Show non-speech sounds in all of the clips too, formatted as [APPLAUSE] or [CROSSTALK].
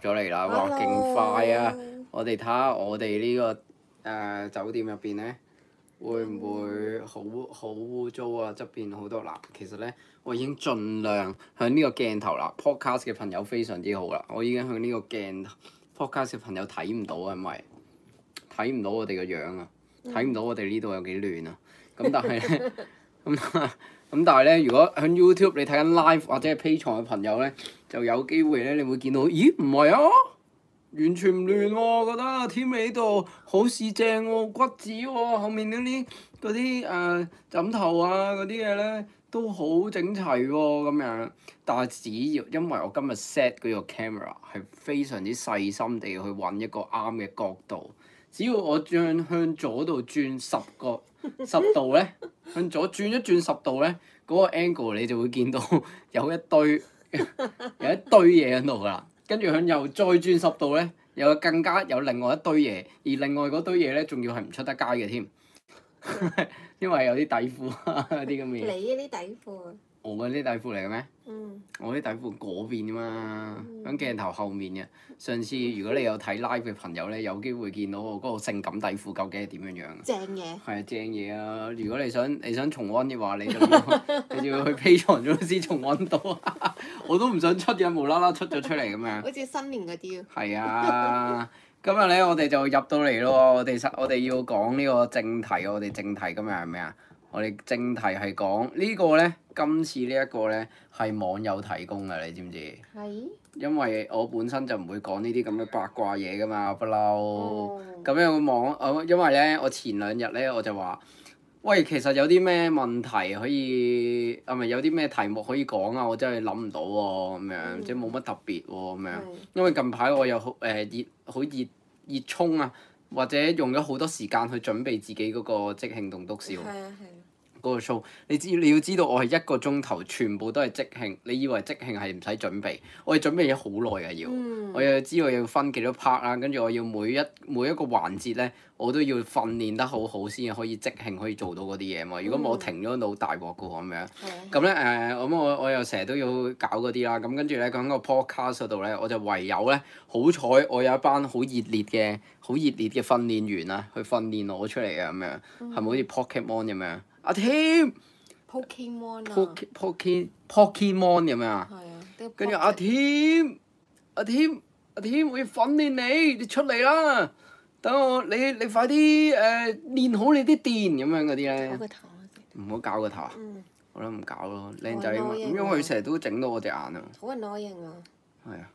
咗嚟啦，哇，勁 Hello. 快睇下、呢個誒、會唔會啊！我哋睇下我哋呢個誒酒店入邊咧，會唔會好好污糟啊？側邊好多嗱，其實咧，我已經盡量向呢個鏡頭啦。Podcast 嘅朋友非常之好啦，我已經向呢個鏡頭 Podcast 嘅朋友睇唔到，係係到啊，係咪、嗯？睇唔到我哋個樣啊，睇唔到我哋呢度有幾亂啊！咁但係咧，咁 [LAUGHS] [LAUGHS] 咁但係咧，如果喺 YouTube 你睇緊 live 或者係 Patreon 嘅朋友咧，就有機會咧，你會見到，咦唔係啊，完全唔亂喎、哦，我覺得，睇嚟呢度好似正喎、哦，骨子喎、哦，後面嗰啲嗰啲誒枕頭啊嗰啲嘢咧都好整齊喎、哦，咁樣。但係只要因為我今日 set 嗰個 camera 係非常之細心地去揾一個啱嘅角度，只要我將向左度轉十個。十度咧，向左轉一轉十度咧，嗰個 angle 你就會見到有一堆有一堆嘢喺度噶啦，跟住向右再轉十度咧，有更加有另外一堆嘢，而另外嗰堆嘢咧，仲要係唔出得街嘅添， [LAUGHS] [LAUGHS] 因為有啲底褲 [LAUGHS] 啊啲咁嘅嘢。你嗰啲底褲。我嗰啲底褲嚟嘅咩？嗯、我啲底褲嗰邊嘛，喺鏡頭後面嘅。上次如果你有睇 Live 嘅朋友咧，有機會見到我嗰個性感底褲究竟係點樣樣。正嘢咧。係啊，正嘢啊！如果你想你想重温嘅話，你就，要你就要去 Patreon 咗先重温到啊！我都唔想出嘅，無啦啦出咗出嚟咁樣。好似新年嗰啲啊。係啊，今日咧我哋就入到嚟咯，我哋實我哋要講呢個正題，我哋正題今日係咩啊？我哋正題係講、這個、呢個咧，今次呢一個咧係網友提供嘅，你知唔知？係是。因為我本身就唔會講呢啲咁嘅八卦嘢㗎嘛，不嬲。咁、哦、樣個網，誒，因為咧，我前兩日咧我就話，喂，其實有啲咩問題可以，係咪有啲咩題目可以講啊？我真係諗唔到喎、啊，咁樣即係冇乜特別喎，咁樣。啊樣嗯、因為近排我又好誒、呃、熱，好熱熱衷啊，或者用咗好多時間去準備自己嗰個即興棟篤笑。嗰個 SHOW，你知你要知道我係一個鐘頭全部都係即興。你以為即興係唔使準備，我係準備咗好耐啊！要、嗯，我又要知我要分幾多 part 啦、啊。跟住我要每一每一個環節咧，我都要訓練得好好先可以即興可以做到嗰啲嘢嘛。如果唔係我停咗腦，大鑊嘅咁樣，咁咧誒，咁、呃、我我，我又成日都要搞嗰啲啦。咁跟住咧，喺個 podcast 嗰度咧，我就唯有咧，好彩我有一班好熱烈嘅、好熱烈嘅訓練員啊，去訓練我出嚟嘅咁樣，係咪、嗯、好似 Pokemon、ok、咁樣？阿添，Pokemon 啊，Pokemon，Pokemon 有冇啊？係啊，跟住阿添，阿添，阿添，我要訓練你，你出嚟啦！等我，你你快啲誒練好你啲電咁樣嗰啲咧，唔好搞個頭啊！好啦，唔搞咯，靚仔，點解佢成日都整到我隻眼啊？好唔耐認啊！係啊。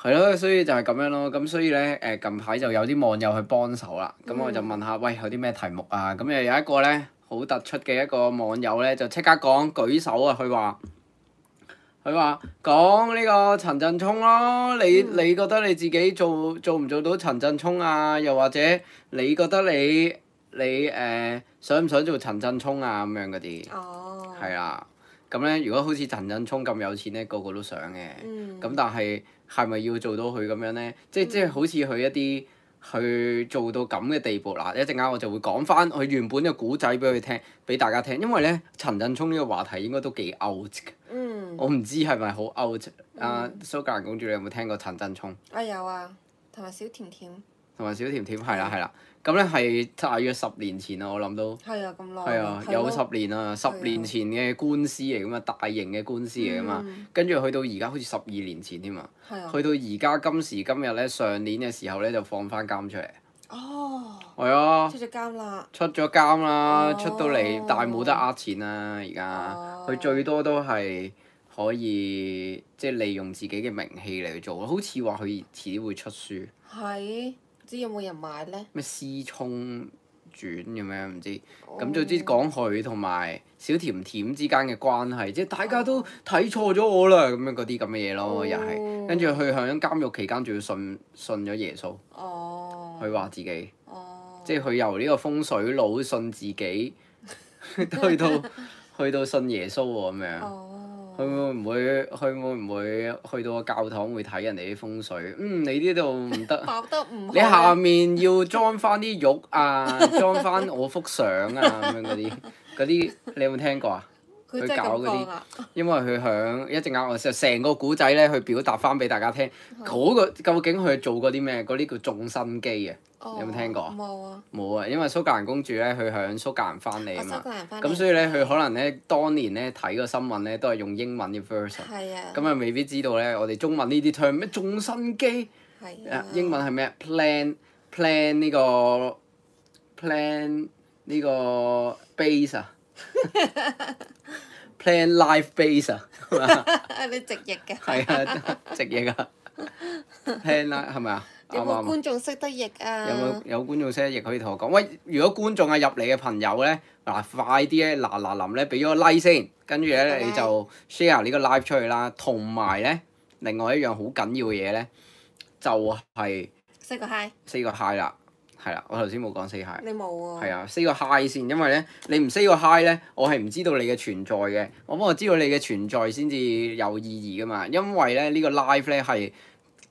係咯，所以就係咁樣咯。咁所以咧，誒近排就有啲網友去幫手啦。咁我就問下，嗯、喂，有啲咩題目啊？咁又有一個咧，好突出嘅一個網友咧，就即刻講舉手啊！佢話佢話講呢個陳振聰咯，你、嗯、你覺得你自己做做唔做到陳振聰啊？又或者你覺得你你誒、呃、想唔想做陳振聰啊？咁樣嗰啲，係啦、哦。咁咧，如果好似陳振聰咁有錢咧，個個都想嘅。咁、嗯、但係。係咪要做到佢咁樣咧？即、嗯、即好似佢一啲去做到咁嘅地步啦！一陣間我就會講翻佢原本嘅古仔俾佢聽，俾大家聽。因為咧，陳振聰呢個話題應該都幾 out 嘅。嗯。我唔知係咪好 out？啊，嗯 uh，蘇格蘭公主，你有冇聽過陳振聰？啊有啊，同埋小甜甜。同埋小甜甜，係啦係啦。咁咧係大約十年前啊，我諗都係啊，咁耐係啊，有十年啊，十年前嘅官司嚟噶嘛，大型嘅官司嚟噶嘛，跟住去到而家好似十二年前添啊，去到而家今時今日咧，上年嘅時候咧就放翻監出嚟哦，係啊，出咗監啦，出咗監啦，出到嚟但係冇得呃錢啦，而家佢最多都係可以即係利用自己嘅名氣嚟去做，好似話佢遲啲會出書係。唔知有冇人買咧？咩司空轉咁樣？唔知咁，總之講佢同埋小甜甜之間嘅關係，即係大家都睇錯咗我啦咁樣，嗰啲咁嘅嘢咯，又係跟住佢響監獄期間仲要信信咗耶穌。佢話，oh. 自己。Oh. 即係佢由呢個風水佬信自己， [LAUGHS] 到 [LAUGHS] 去到去到信耶穌喎咁樣。佢會唔會？佢會唔會，會，會去到教堂會睇人哋啲風水？嗯，你呢度唔得， [LAUGHS] 你下面要裝翻啲玉啊， [LAUGHS] 裝翻我幅相啊，咁樣嗰啲嗰啲，你有冇聽過啊？佢搞嗰啲，因為佢響一陣間，我成個古仔咧，去表達翻俾大家聽，嗰的、嗰個究竟佢做過啲咩？嗰啲叫種生基啊！哦、有冇聽過？冇啊，因為蘇格蘭公主咧，佢響蘇格蘭翻嚟啊嘛，咁所以咧，佢可能咧，當年咧睇個新聞咧，都係用英文啲 version，咁啊，就未必知道咧，我哋中文呢啲 term 咩種生基，啊、英文係咩 plan，plan 呢 plan、這個 plan 呢、這個 base、這個這個這個這個、啊？ [LAUGHS] Plan life base 啊， [LAUGHS] 你直譯啊？嘅。係啊，直譯啊。Plan life 係咪啊？有冇觀眾識得譯啊？有冇有觀眾識得譯、啊、可以同我講？喂，如果觀眾啊入嚟嘅朋友咧，嗱、啊、快啲咧，嗱嗱臨咧俾咗個 like 先，跟住咧你就 share 呢個 live 出去啦。同埋咧，另外一樣好緊要嘅嘢咧，就係、是、四 Say 個 high，四個 high 啦。係啦，我頭先冇講 say hi，你、啊 hi。你冇啊？係啊，say 個 hi 先，因為咧，你唔 say 個 hi 咧，我係唔知道你嘅存在嘅。我不我知道你嘅存在先至有意義噶嘛，因為咧呢、這個 live 咧係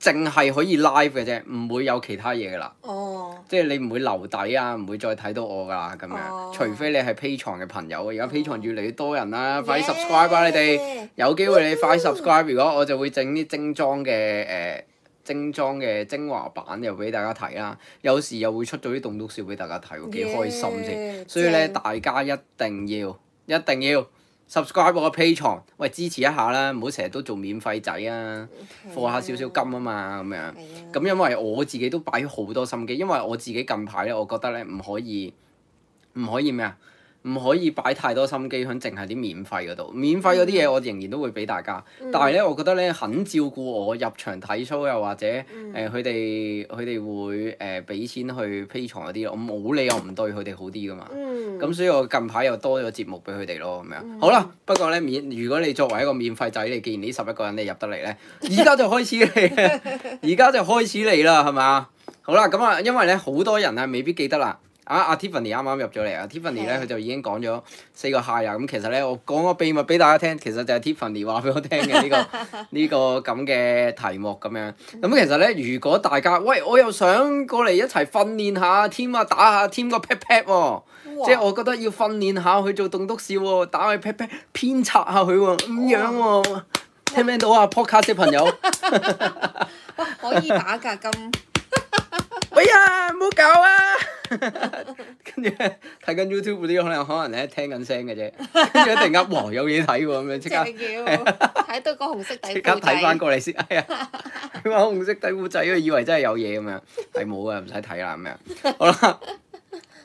淨係可以 live 嘅啫，唔會有其他嘢噶啦。Oh. 即係你唔會留底啊，唔會再睇到我噶啦咁樣，oh. 除非你係 pay 藏嘅朋友。而家 pay 藏越嚟越多人啦，oh. 快啲 subscribe 啊你哋！Yeah. 有機會你快啲 subscribe，Yeah. 如果我就會整啲精裝嘅誒。呃精裝嘅精華版又俾大家睇啦，有時又會出咗啲棟篤笑俾大家睇喎，幾開心嘅、啊。Yeah, 所以咧正，大家一定要，一定要 subscribe 我嘅 Patreon，喂，支持一下啦，唔好成日都做免費仔啊，課、啊、下少少金啊嘛，咁樣。咁、啊、因為我自己都擺咗好多心機，因為我自己近排咧，我覺得咧唔可以，唔可以咩啊？唔可以擺太多心機響淨係啲免費嗰度，免費嗰啲嘢我仍然都會俾大家。嗯、但係咧，我覺得咧肯照顧我入場睇 show，又或者誒佢哋佢哋會誒俾、呃、錢去 Patreon 嗰啲，我冇理由唔對佢哋好啲噶嘛。咁、嗯、所以我近排又多咗節目俾佢哋咯，咁樣、嗯。好啦，不過咧免如果你作為一個免費仔，你既然呢十一個人你入得嚟咧，而家就開始嚟而家就開始嚟啦，係咪啊？好啦，咁啊，因為咧好多人啊未必記得啦。啊！阿、ah, Tiffany 啱啱入咗嚟啊！Tiffany 咧，佢就已經講咗四個 hi 啊！咁其實咧，我講個秘密俾大家聽，其實就係 Tiffany 話俾我聽嘅呢個呢、呢個咁嘅、呢個呢個、題目咁樣。咁其實咧，如果大家喂我又想過嚟一齊訓練下 Tim 啊，打下 Tim 個 pat pat 即係我覺得要訓練下去做棟篤笑喎，打去 pat pat 鞭策下佢喎、啊，咁樣喎，聽唔聽到啊 Podcast 哇 朋友？ [LAUGHS] 可以打㗎咁～哎呀，唔好搞啊！跟 [LAUGHS] 住睇緊 YouTube 啲，可能可能咧聽緊聲嘅啫。跟住一定呃哇，有嘢睇喎！咁樣即刻，睇到個紅色底褲仔，即刻睇翻過嚟先。哎呀，佢話 [LAUGHS] 紅色底褲仔啊，以為真係有嘢咁樣，係冇啊，唔使睇啦咁樣。好啦。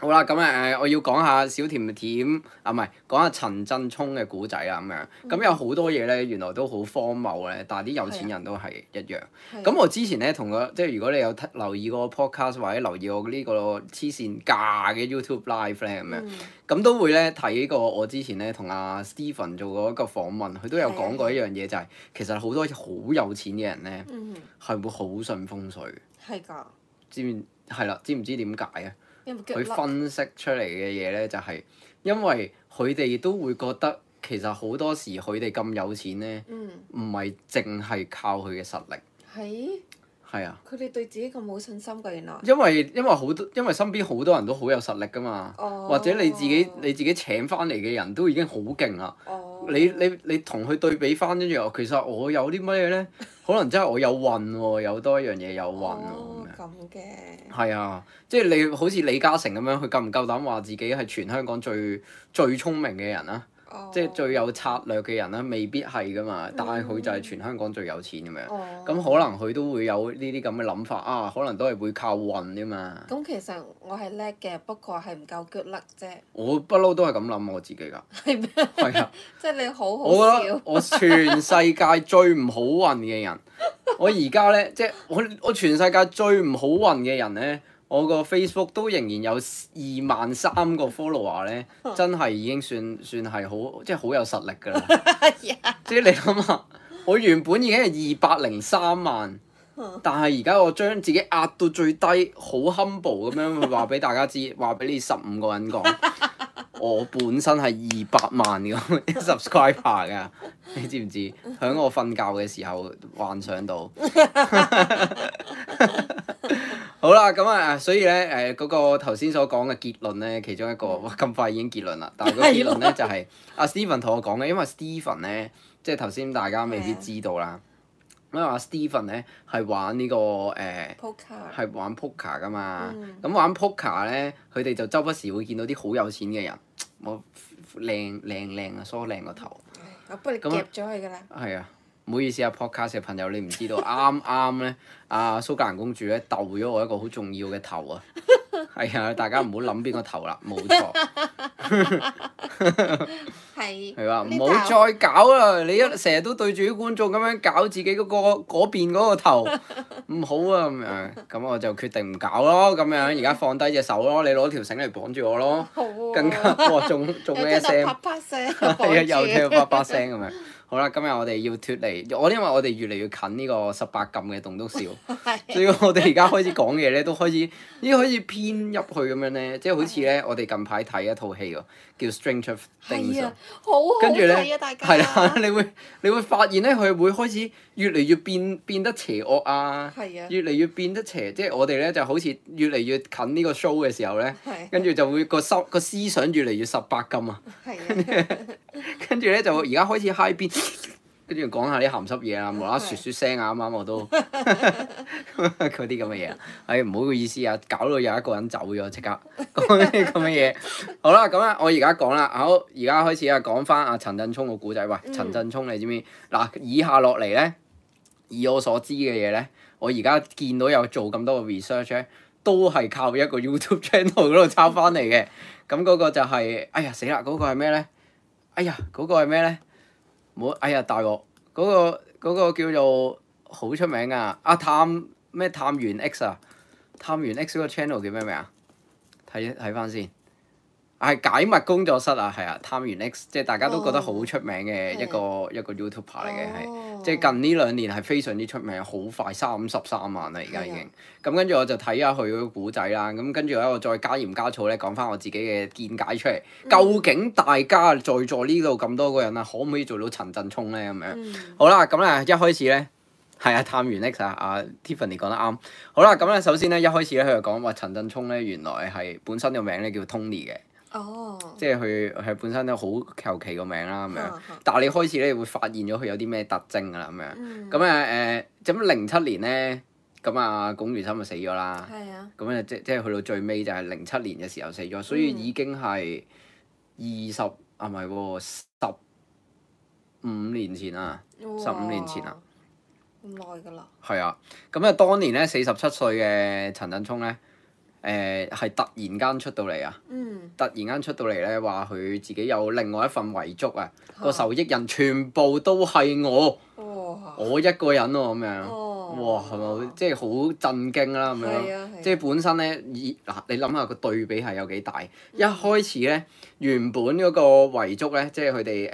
好啦，咁、嗯、啊我要講下小甜甜啊，唔係講下陳振聰嘅故仔啊，咁樣咁、嗯、有好多嘢咧，原來都好荒謬咧，但係啲有錢人都係一樣。咁的我之前咧同個即係如果你有留意個 podcast 或者留意我呢個痴線架嘅 YouTube live 咧，咁樣咁都會咧睇過我之前咧同阿、啊、Stephen 做過一個訪問，佢都有講過一樣嘢，的就係、是、其實好多好有錢嘅人咧，係、嗯、會好信風水嘅。係㗎的。知唔係啦？知唔知點解啊？佢分析出嚟嘅嘢咧，就係、是、因為佢哋都會覺得其實好多時佢哋咁有錢咧，唔係淨係靠佢嘅實力。係是。係啊。佢哋對自己咁冇信心噶，原來。因為因為好多因為身邊好多人都好有實力噶嘛，哦、或者你自己你自己請翻嚟嘅人都已經好勁啦。哦。你你你同佢對比翻，跟住其實我有啲乜嘢咧？ [LAUGHS] 可能真係我有運喎，有多一樣嘢有運喎，咁、哦、麼樣。咁嘅。係啊，即係你好似李嘉誠咁樣，佢夠唔夠膽話自己係全香港最最聰明嘅人啊？哦、即係最有策略嘅人啦，未必係噶嘛，嗯、但係佢就係全香港最有錢咁樣，咁、哦、可能佢都會有呢啲咁嘅諗法啊，可能都係會靠運啫嘛。咁其實我係叻嘅，不過係唔夠好運啫。我不嬲都係咁諗我自己㗎。係咩嗎？係啊，即係 [LAUGHS] 你好好笑。我覺得我全世界最唔好運嘅人， [LAUGHS] 我而家咧，即係我我全世界最唔好運嘅人咧。我個 Facebook 都仍然有二萬三個 follower 咧，真係已經算算係好，即係好有實力㗎啦。 [LAUGHS] Yeah. 即係你諗下，我原本已經係二百零三萬，但係而家我將自己壓到最低，好 humble 咁樣話俾大家知，話俾你十五個人講， [LAUGHS] 我本身係二百萬嘅 [LAUGHS] subscriber 㗎，你知唔知？響我瞓覺嘅時候幻想到。 [LAUGHS] [LAUGHS] 好啦，咁啊，所以咧，誒嗰個頭先所講嘅結論咧，其中一個哇，咁快已經結論啦。但係嗰結論咧就係、是、阿 Steven 同我講嘅，因為 Steven 咧，即係頭先大家未必知，知道啦。 [LAUGHS] 因為阿、這個呃、Steven 咧係玩呢個誒 p 係玩 Poker 噶嘛。咁、嗯嗯、玩 Poker 咧，佢哋就周不時會見到啲好有錢嘅人，我靚，靚靚靚 [LAUGHS] 了了啊，梳靚個頭。咁入咗去㗎啦。係啊。唔好意思啊，Podcast 嘅朋友，你唔知道啱啱咧，阿、啊、蘇格蘭公主咧鬥咗我一個好重要嘅頭啊！係、哎、啊，大家唔好諗邊個頭啦，冇錯。係 [LAUGHS] 是。係 [LAUGHS] 啊，唔好頭再搞啦！你一成日都對住啲觀眾咁樣搞自己嗰、嗰個嗰邊嗰個頭，唔好啊咁樣。咁、嗯嗯嗯嗯嗯嗯、我就決定唔搞咯，咁樣而家放低隻手咯，你攞條繩嚟綁住我咯，啊、更加我話仲仲咩聲？哦聲啊、啪啪聲。係啊， [LAUGHS] 又聽到啪啪聲咁樣。 [LAUGHS] 好啦，今日我哋要脱離，我因為我哋越嚟越近呢個十八禁嘅棟篤笑， [LAUGHS] 所以我哋而家開始講嘢咧都開始，依開始偏入去咁樣咧， [LAUGHS] 即係好似咧 [LAUGHS] 我哋近排睇一套戲喎，叫《Stranger Things》，跟住咧，係啦、啊家啊，你會你會發現咧，佢會開始。越嚟越變變得邪惡啊！是啊，越嚟越變得邪，即係我哋咧就好似越嚟越近呢個 show 嘅時候咧，跟住是、啊、就會個心個思想越嚟越十八禁啊！跟住咧就而家開始 high 啲， [LAUGHS] 跟住講下啲鹹濕嘢啊，冇啦啦噓噓聲啊，啱啱我都嗰啲咁嘅嘢唉，唔好嘅意思啊，搞到又一個人走咗，即刻講啲咁嘅嘢。好啦，咁啊，我而家講啦，好，而家開始啊，講翻阿陳振聰個古仔喂，陳振聰，聰你知唔知？嗱，以下落嚟咧。呢呢以我所知嘅嘢咧，我而家見到有做咁多嘅 research 咧，都係靠一個 YouTube channel 嗰度抄翻嚟嘅。咁嗰個就係，哎呀死啦！嗰個係咩咧？哎呀，嗰、嗰個係咩咧？冇，哎呀大鑊！嗰、嗰個哎嗰個嗰個叫做好出名啊！阿探咩探員 X 啊？探員 X 個 channel 叫咩名啊？睇睇翻先。係解密工作室啊，係啊，探完 X，即係大家都覺得好出名嘅一個、oh, okay. 一個 YouTube 嚟嘅，係、oh. 即係近呢兩年係非常之出名，好快三十三萬啦，而家已經咁，跟住我就睇下佢個古仔啦，咁跟住咧我再加鹽加醋咧講翻我自己嘅見解出嚟，mm. 究竟大家在座呢度咁多個人啊，可唔可以做到陳振聰咧？咁樣、mm. 好啦，咁咧一開始咧係啊探完 X 啊，Tiffany 講得啱，好啦，咁咧首先咧一開始咧佢就講話陳振聰咧原來係本身個名咧叫 Tony 嘅。哦，oh. 即係佢係本身都好求其個名啦咁樣，呵呵但係你開始咧會發現咗佢有啲咩特徵噶啦咁樣，咁啊誒，咁零七年咧，咁、嗯、啊，龔如心就死咗啦，咁、嗯、啊，嗯、即即係去到最尾就係零七年嘅時候死咗，所以已經係二十啊，唔係喎，十五年前，年前啊，十五年前啊，咁耐噶啦，係、嗯、啊，咁、嗯、啊，當年咧四十七歲嘅陳振聰咧。誒係、呃、突然間出到嚟啊！嗯、突然間出到嚟咧，話佢自己有另外一份遺囑啊！個、啊、受益人全部都係我，哦、我一個人喎、啊、咁樣，哦、哇係咪好？是是啊、即係好震驚啦、啊、咁樣，啊啊、即係本身咧，以嗱、啊、你諗下個對比係有幾大？一開始咧，原本嗰個遺囑咧，即係佢哋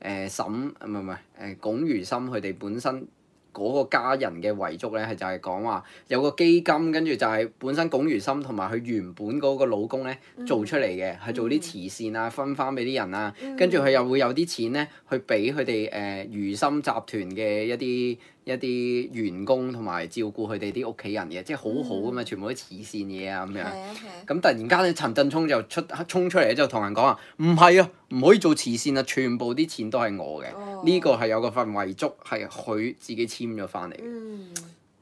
誒誒沈唔係唔係誒龔如心佢哋本身。嗰個家人嘅遺囑咧，係就係講話有個基金，跟住就係本身龔如心同埋佢原本嗰個老公咧做出嚟嘅，係、嗯、做啲慈善啊，分翻俾啲人啊，跟住佢又會有啲錢咧去俾佢哋誒如心集團嘅一啲。一啲員工同埋照顧佢哋啲屋企人嘅，即係好好㗎嘛，全部都慈善嘢啊咁樣。咁突然間咧，陳振聰就出衝出嚟咧，就同人講啊：唔係啊，唔可以做慈善啊！全部啲錢都係我嘅，呢個係有個份遺囑係佢自己簽咗翻嚟。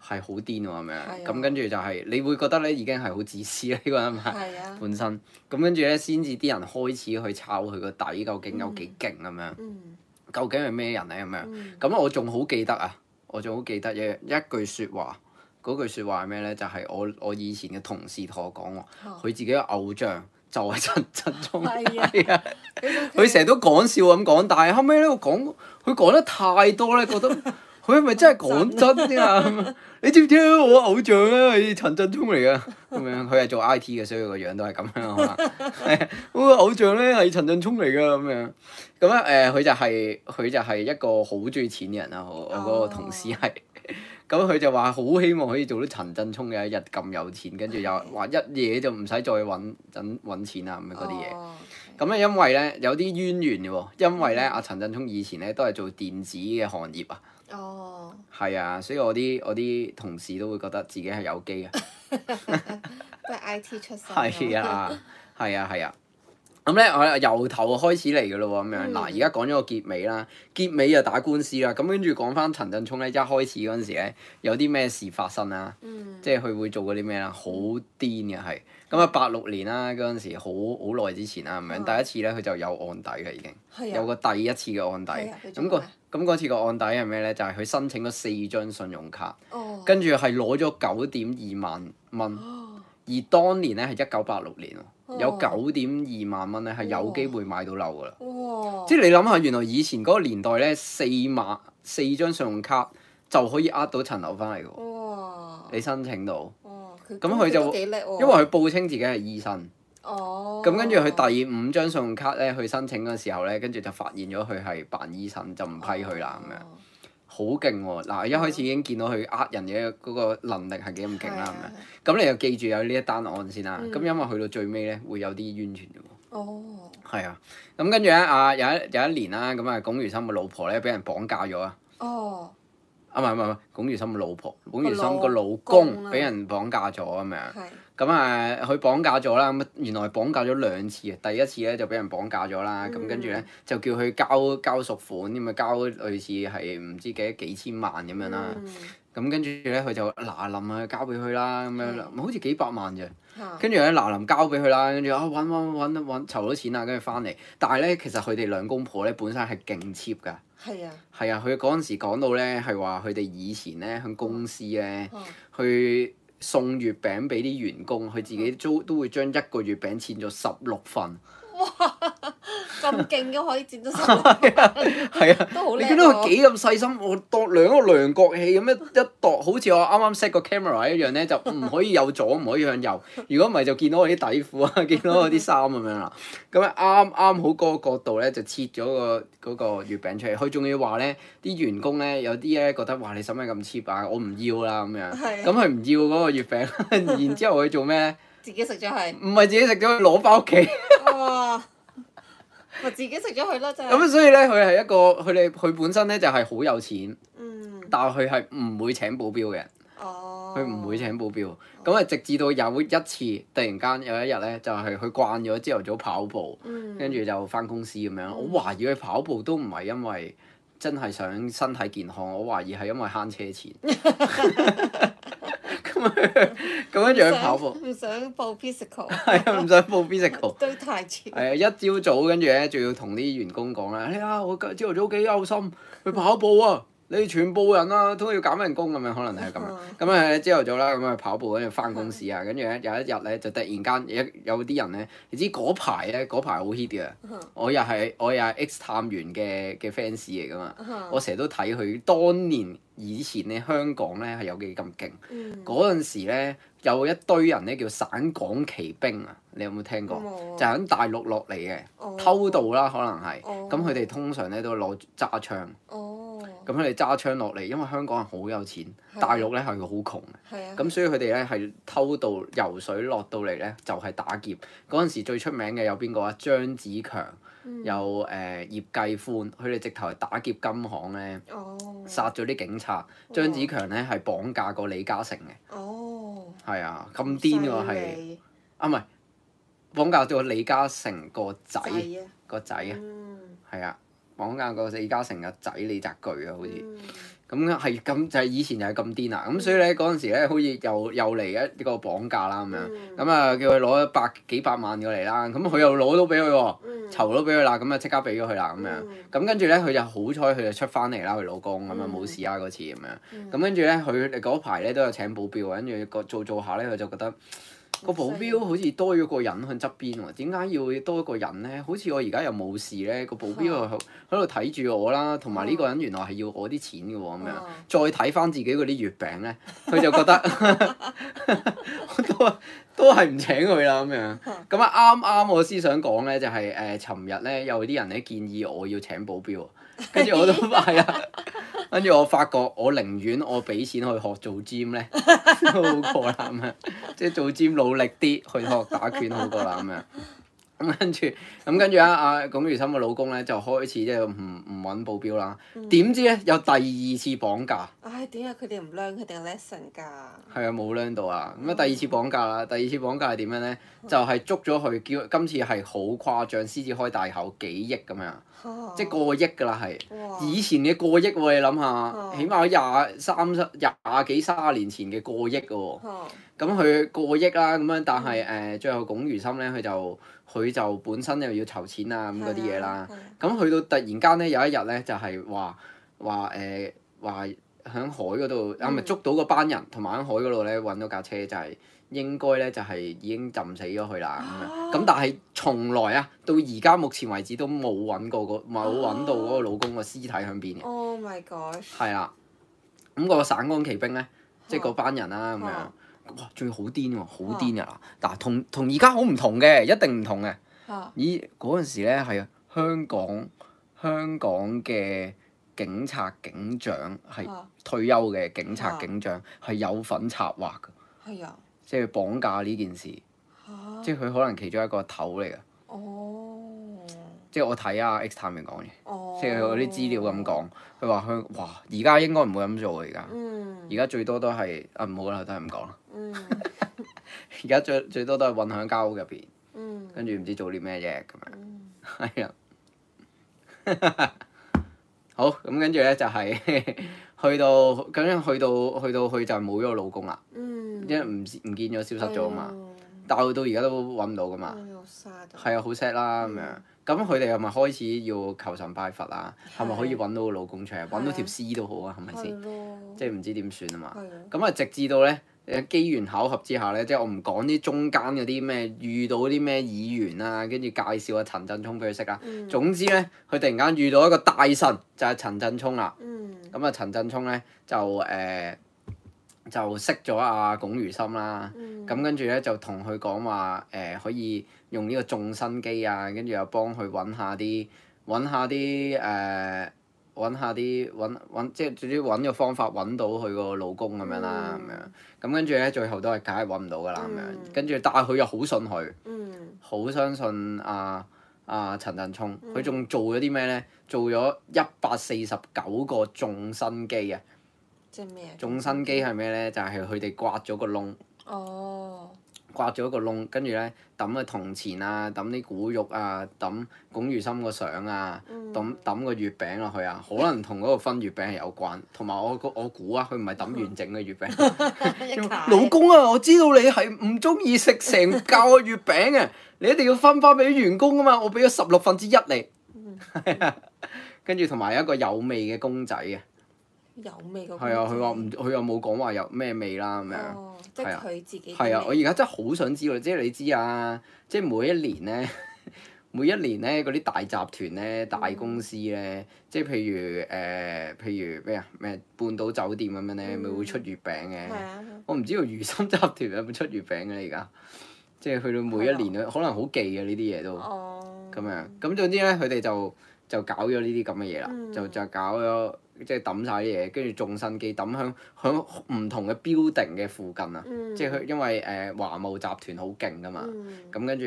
係好癲喎咁樣。咁跟住就係你會覺得咧已經係好自私呢個人啊！本身咁跟住咧先至啲人開始去抄佢個底，究竟有幾勁咁樣？究竟係咩人咧咁樣？咁我仲好記得啊！我仲好記得一一句説話，嗰句説話係咩咧？就係、是、我我以前嘅同事同我講喎，佢、哦、自己嘅偶像就係陳振聰，佢成日都講笑咁講，但係後尾咧，我講佢講得太多咧，覺得。 [LAUGHS] 佢咪真係講真啲啊！ [LAUGHS] 你知唔知我偶像咧係陳振聰嚟嘅咁樣？佢 [LAUGHS] 係做 I T 嘅，所以個樣都係咁樣啊嘛。 [LAUGHS] 我個偶像咧係陳振聰嚟嘅咁樣咁咧誒，佢、 [LAUGHS] 呃、就係、係、佢就係一個好中意錢嘅人啊！我我嗰個同事係咁，佢就話好希望可以做到陳振聰嘅一日咁有錢，跟住又話一嘢就唔使再揾揾揾錢啊！咁樣嗰啲嘢咁咧，因為咧有啲淵源嘅喎，因為咧阿陳振聰以前咧都係做電子嘅行業啊。哦，係啊，所以我啲我啲同事都會覺得自己係有機啊，都係 IT 出身，係啊，係啊，係啊，咁咧我由頭開始嚟噶咯喎，咁樣嗱，而家講咗個結尾啦，結尾就打官司啦，咁跟住講翻陳振聰咧，一開始嗰陣時咧有啲咩事發生啦，即係佢會做過啲咩啦，好癲嘅係，咁啊八六年啦嗰陣時，好好耐之前啊，咁樣第一次咧佢就有案底啦已經，有個第一次嘅案底，咁個。咁嗰次個案底係咩咧？就係、是、佢申請咗四張信用卡，跟住係攞咗九點二萬蚊。Oh. 而當年咧係一九八六年喎，有九點二萬蚊咧係有機會買到樓噶啦。Oh. Oh. 即係你諗下，原來以前嗰個年代咧，四萬四張信用卡就可以呃到層樓翻嚟喎。Oh. 你申請到，咁佢、oh. 它就因為佢報稱自己係醫生。咁跟住佢第五張信用卡咧，去申請嘅時候咧，跟住就發現咗佢係扮醫生，就唔批佢啦咁樣，好勁喎！嗱，一開始已經見到佢呃人嘅嗰個能力係幾咁勁啦，係咪？咁樣，咁你就記住有呢一單案先啦。咁、嗯、因為去到最尾咧，會有啲冤情。哦。係啊，咁跟住咧，啊有有一年啦，咁啊，龔如心嘅老婆咧，俾人綁架咗啊。哦。啊，唔係，唔係。龔如心嘅老婆，龔如心個老公俾人綁架咗咁樣，咁啊佢綁架咗啦，咁啊原來綁架咗兩次，第一次咧就俾人綁架咗啦，咁跟住咧就叫佢交交贖款，咁啊交類似係唔知幾幾千萬咁樣啦，咁跟住咧佢就嗱嗱臨啊交俾佢啦，咁樣啦，好似幾百萬咋？跟住咧，嗱臨 [NOISE] 交俾佢啦，跟住啊，揾揾揾揾揾籌到錢啊，跟住翻嚟。但係咧，其實佢哋兩公婆咧本身係勁 cheap 㗎。係啊，佢嗰陣時講到咧係話，佢哋以前咧喺公司咧，啊、去送月餅俾啲員工，佢自己都、嗯、都會將一個月餅切咗十六份。哇！咁勁嘅可以剪得出，係 [LAUGHS] 啊，啊你見到佢幾咁細心，我度兩個量角器，咁一一度，好似我啱啱 set 個 camera 一樣咧，就唔可以有左，唔可以向右。如果唔係就見到我啲底褲啊，見到我啲衫咁樣啦。咁樣啱啱好嗰個角度咧，就切咗、嗰個嗰、嗰個月餅出嚟。佢仲要話咧，啲員工咧有啲咧覺得話你使乜咁 cheap 啊，我唔要啦咁樣。咁佢唔要嗰個月餅， [LAUGHS] [LAUGHS] 然之後佢做咩咧？自己食咗係，唔係自己食咗去攞翻屋企，咪、哦、 [LAUGHS] 自己食咗佢咯，就咁、係、所以咧，佢係一個佢哋佢本身咧就係好有錢，嗯、但係佢係唔會請保鏢嘅，佢唔、哦、會請保鏢。咁啊、哦，直至到有一次，突然間有一日咧，就係、係、佢慣咗朝頭早跑步，跟住、嗯、就翻公司咁樣。嗯、我懷疑佢跑步都唔係因為真係想身體健康，我懷疑係因為慳車錢。 [LAUGHS] 咁 [LAUGHS] 樣仲去跑步？唔想，想報 physical。 [LAUGHS] 係啊，唔想報 physical。 [LAUGHS] 都啊，一朝早跟住咧，仲要同啲員工講啦。哎呀，我今朝頭早幾憂心去跑步啊！ [LAUGHS] 你哋全部人啦、啊，都要減人工咁樣，可能係咁。咁咧朝頭早啦，咁啊跑步，跟住返公司啊，跟住咧有一日咧，就突然間有有啲人咧，你知嗰排咧，嗰排好 hit 㗎。我又係我又係 X 探員嘅嘅 fans 嚟㗎嘛。嗯、我成日都睇佢當年以前嘅香港咧係有幾咁勁。嗰陣、嗯、時咧有一堆人咧叫省港旗兵啊，你有冇聽過？嗯嗯、就喺大陸落嚟嘅偷渡啦，可能係咁。佢哋、嗯嗯、通常咧都攞揸槍。咁佢哋揸槍落嚟，因為香港人好有錢，的大陸咧係好窮嘅。咁的所以佢哋咧係偷渡游水落到嚟咧，就係打劫。嗰陣的時最出名嘅有邊個啊？張子強、嗯、有誒、呃、葉繼歡，佢哋直頭係打劫金行咧。哦。殺咗啲警察，哦、張子強咧係綁架過李嘉誠嘅。哦。係、哦、啊，咁癲㗎喎係，啊唔係綁架咗李嘉誠個仔個仔啊，係啊。啊綁架個李嘉誠嘅仔李澤鉅啊，好似咁係咁，就係以前就係咁癲啊！咁所以咧嗰陣時咧，好似又又嚟一個綁架啦咁樣咁啊，叫佢攞一百幾百萬過嚟啦。咁佢又攞到俾佢喎，籌到俾佢啦。咁啊即刻俾咗佢啦咁樣。咁跟住咧，佢就好彩，佢就出翻嚟啦，佢老公咁啊冇事啊嗰次咁樣。咁跟住咧，佢嗰排咧都有請保鏢，跟住個做做下咧，佢就覺得。個保鏢好似多咗個人喺側邊喎，點解要多一個人咧？好似我而家又冇事咧，個保鏢喺度睇住我啦，同埋呢個人原來係要我啲錢嘅喎咁樣。再睇翻自己嗰啲月餅咧，佢就覺得 [LAUGHS] [LAUGHS] 我都係，都係唔請佢啦咁樣。咁啊啱啱我思想講咧就係誒，尋日咧有啲人咧建議我要請保鏢喎。跟住 [LAUGHS] 我都係啊！跟 [LAUGHS] 住我發覺，我寧願我俾錢去學做 gym 呢，好 [LAUGHS] 過啦咁樣。 [LAUGHS] 即係做 gym 努力啲去學打拳難，好過啦咁樣。咁跟住，咁跟住啊，啊，咁如心龔如心嘅老公咧就開始即係唔唔揾保鏢啦。點、嗯、知咧有第二次綁架？唉、哎，點解佢哋唔 learn 佢哋佢 lesson 噶？係啊，冇 learn 到啊！咁、嗯嗯、第二次綁架啦，第二次綁架係點樣咧？就係、是、捉咗佢，叫今次係好誇張，獅子開大口幾億咁樣。即係過億㗎啦，係哇以前嘅過億喎，你諗下，哇起碼廿三十廿幾三十年前嘅過億喎，咁佢過億啦，咁樣，但係誒、嗯呃、最後龔如心咧，佢就佢就本身又要籌錢啊咁嗰啲嘢啦，咁去到突然間咧有一日咧就係話話誒話響海嗰度啊咪捉到嗰班人，同埋響海嗰度咧揾到架車就係、是。應該咧就係已經浸死咗佢啦，咁樣咁但係從來啊到而家目前為止都冇揾過嗰冇揾到嗰個老公個屍體喺邊嘅。Oh my god！係啦，咁、嗰個省港旗兵咧，即係嗰班人啦、啊，咁、啊、樣哇，仲要好癲喎、啊，好癲噶、啊、啦！嗱、啊，同同而家好唔同嘅，一定唔同嘅。啊、咦，以嗰陣時咧係香港香港嘅警察警長係退休嘅警察警長係、啊啊、有份策劃嘅。係啊！即係綁架呢件事，哈即係佢可能其中一個頭嚟㗎。Oh. 即係我睇啊 X 探員講嘅，oh. 即係佢嗰啲資料咁講，佢話佢哇，而家應該唔會咁做，而家，而家、mm. 最多都係啊，唔好啦，都係咁講啦。而家、mm. [LAUGHS] 最最多都係運喺間屋入邊。跟住唔知做啲咩啫咁樣。嗯，係啊。好，咁跟住咧就係、是。去到咁樣，去到去到，佢就冇咗個老公啦，因為唔唔見咗，消失咗啊嘛！但係去到而家都揾唔到噶嘛，係啊，好 sad 啦咁、嗯、樣。咁佢哋係咪開始要求神拜佛啦，係咪是可以揾到，是到個老公出嚟，揾到條屍都好啊，係咪先？即係唔知點算啊嘛。咁啊的，嗯、直至到咧。誒機緣巧合之下咧，即係我唔講啲中間嗰啲咩，遇到啲咩議員啊，跟住介紹阿陳振聰俾佢識啊。嗯、總之咧，佢突然間遇到一個大神，就係、是、陳振聰啦。咁啊、嗯，陳振聰咧就誒、呃、就識咗阿、啊、龔如心啦。咁、嗯、跟住咧就同佢講話誒，可以用呢個重生機啊，跟住又幫佢揾下啲揾下啲誒。呃揾下啲揾揾，即係總之揾個方法揾到佢個老公咁、嗯、樣啦，咁樣咁跟住咧，最後都係梗係揾唔到噶啦，咁、嗯、樣跟住，但係佢又好信佢，好相信阿阿、嗯啊啊、陳振聰，佢仲、嗯、做咗啲咩咧？做咗一百四十九個種生基啊！即係咩啊？種生基係咩咧？就係佢哋刮咗個窿、嗯。哦。刮咗一個窿，跟住咧抌個銅錢啊，抌啲古玉啊，抌龔如心個相啊，抌抌個月餅落去啊，可能同嗰個分月餅係有關。同埋我個我估啊，佢唔係抌完整嘅月餅。 [LAUGHS] 老公啊，我知道你係唔中意食成嚿嘅月餅嘅，你一定要分翻俾員工㗎嘛！我俾咗十六分之一你，跟住同埋一個有味嘅公仔啊。有味個係啊！佢話唔，佢又冇講話有咩味啦咁樣，係啊！佢自己我而家真係好想知喎！即係你知啊！即係每一年咧，每一年咧，嗰啲大集團咧、大公司咧，即係譬如誒，譬如咩啊，咩半島酒店咁樣咧，咪會出月餅嘅。我唔知道如心集團有冇出月餅嘅？而家即係去到每一年可能好記啊，呢啲嘢都。咁樣咁總之咧，佢哋就就搞咗呢啲咁嘅嘢啦，就就搞咗。即係抌曬啲嘢，跟住種新機，抌響響唔同嘅 building 嘅附近啊！嗯、即係佢因為誒、呃、華懋集團好勁噶嘛，咁跟住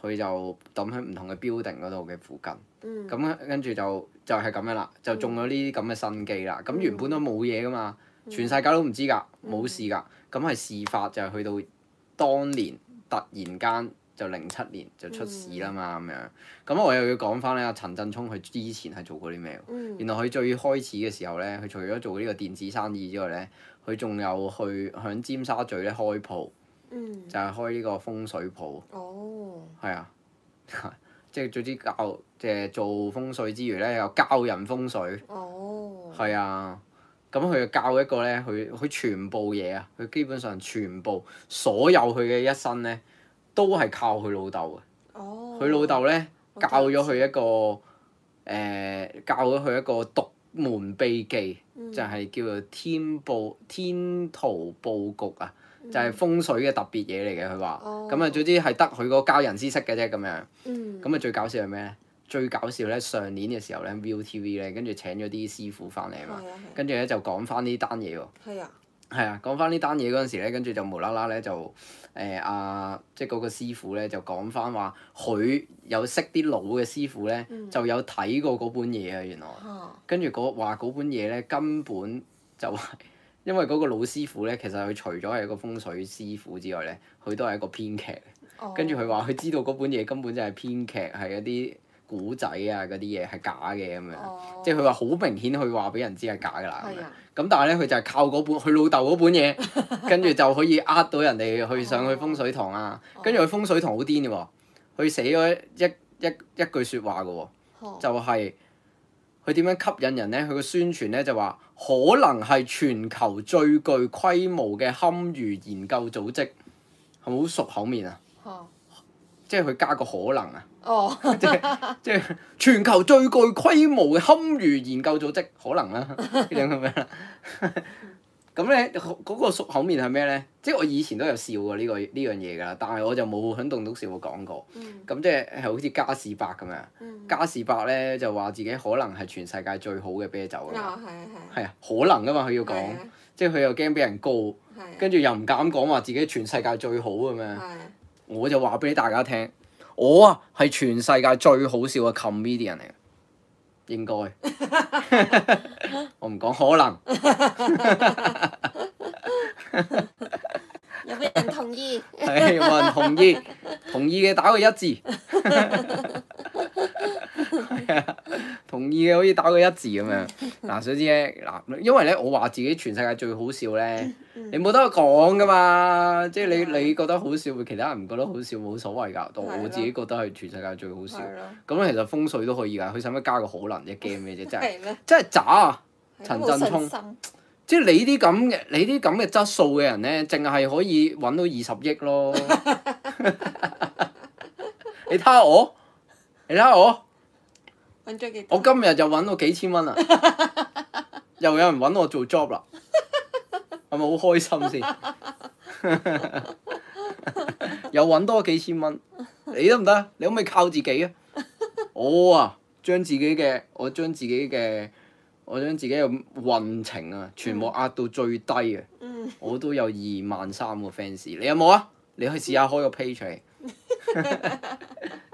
佢就抌喺唔同嘅 building 嗰度嘅附近，咁跟住就就係、是、咁樣啦，就種咗呢啲咁嘅新機啦。咁、嗯、原本都冇嘢噶嘛，全世界都唔知噶，冇、嗯、事噶。咁係、嗯嗯、事發就係去到當年突然間。就零七年就出事啦嘛，咁、嗯、樣咁我又要講翻咧，阿陳振聰佢之前係做過啲咩？嗯、原來佢最開始嘅時候咧，佢除咗做呢個電子生意之外咧，佢仲有去響尖沙咀咧開鋪，嗯、就係開呢個風水鋪。哦，係是啊，即係總之教即係、就是、做風水之餘咧，又教人風水。哦，係啊，咁佢教一個咧，佢佢全部嘢啊，佢基本上全部所有佢嘅一生咧。都係靠佢老豆嘅，佢老豆咧教咗佢一個，誒教咗佢一個獨門秘技，就係叫做天佈天圖佈局啊，就係風水嘅特別嘢嚟嘅。佢話，咁啊，總之係得佢嗰家人先識嘅啫咁樣。咁啊，最搞笑係咩咧？最搞笑咧，上年嘅時候咧，ViuTV 咧跟住請咗啲師傅翻嚟啊嘛，跟住咧就講翻呢單嘢喎。係、呃、啊，講翻呢單嘢嗰陣時咧，跟住就無啦啦咧就誒啊，即係嗰個師傅咧就講翻話，佢有識啲老嘅師傅咧，嗯、就有睇過嗰本嘢啊，原來。嗯、跟住嗰話嗰本嘢咧根本就係，因為嗰個老師傅咧其實佢除咗係個風水師傅之外咧，佢都係一個編劇。哦、跟住佢話佢知道嗰本嘢根本就係編劇，係一啲，古仔啊，嗰啲嘢係假嘅咁樣，即係佢話好明顯，佢話俾人知係假噶啦。咁但係咧，佢就係靠嗰本佢老豆嗰本嘢，跟住就可以呃到人哋去上去風水堂啊。Oh. Oh. 跟住佢風水堂好癲嘅喎，佢寫咗一一一,一,一句説話㗎喎，oh. 就係佢點樣吸引人咧？佢個宣傳咧就話可能係全球最具規模嘅堪輿研究組織，係咪好熟口面啊？Oh. 即係佢加個可能啊！哦，oh. [LAUGHS] 即係即係全球最具規模嘅堪輿研究組織可能啦、啊，咁 [LAUGHS] 樣咁咧嗰個熟口面係咩咧？即係我以前都有笑過呢、呢個呢樣嘢㗎啦，但係我就冇喺棟篤笑度講過。咁、嗯、即係好似嘉士伯咁樣。嗯，嘉士伯咧就話自己可能係全世界最好嘅啤酒啦。係啊、哦、的可能啊嘛佢要講，即係佢又驚俾人告，跟住又唔敢講話自己全世界最好咁樣。的我就話俾大家聽，我啊係全世界最好笑嘅 comedian 嚟嘅，應該。 [LAUGHS] 我唔講可能。 [LAUGHS] 有咩人同意？係，有冇人同意？ [LAUGHS] [LAUGHS] [LAUGHS] 同意嘅打個一字。同意嘅可以打個一字咁 [LAUGHS] [LAUGHS] 樣。嗱、 [LAUGHS] 啊，想知咧，嗱，因為咧我話自己全世界最好笑咧。你冇得我講㗎嘛？即係你，你覺得好笑，其他人唔覺得好笑，冇所謂㗎。我我自己覺得係全世界最好笑。咁了其實風水都可以㗎，佢使乜加個可能嘅 game 咩啫？真係了真係渣啊！對陳振聰，即係你啲咁嘅你啲咁嘅質素嘅人咧，淨係可以揾到二十億咯。 [LAUGHS] [LAUGHS] 你睇下我，你睇下我我今日就揾到幾千蚊啦， [LAUGHS] 又有人揾我做 job 啦。係咪好開心先？ [LAUGHS] 又揾多幾千蚊，你得唔得？你可唔可以靠自己啊、 [LAUGHS] oh？我啊，將自己嘅我將自己嘅我將自己嘅運程啊，全部壓到最低啊！嗯、我都有二萬三個 fans，你有冇啊？你可以試下開個 page 嚟。 [LAUGHS]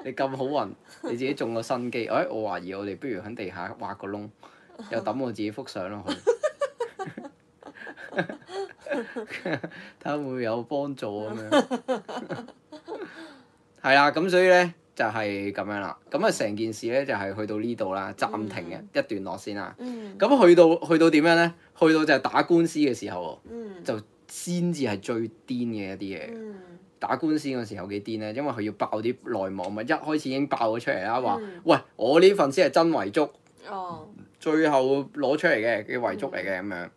你咁好運，你自己中個新機。誒、哎，我懷疑我哋不如喺地下挖個窿，又抌我自己幅相落去。睇 [LAUGHS] 下會唔會有幫助咁樣，係 [LAUGHS] 啦，咁所以咧就係、是、咁樣啦。咁啊，成件事咧就係去到呢度啦，暫停嘅、嗯、一段落先啦。咁、嗯、去到去到點樣咧？去到就係打官司嘅時候，嗯、就先至係最癲嘅一啲嘢。嗯、打官司嗰時候幾癲咧？因為佢要爆啲內幕，咪、就是、一開始已經爆咗出嚟啦。話、嗯、喂，我呢份先係真遺囑，哦、最後攞出嚟嘅嘅遺囑嚟嘅咁樣。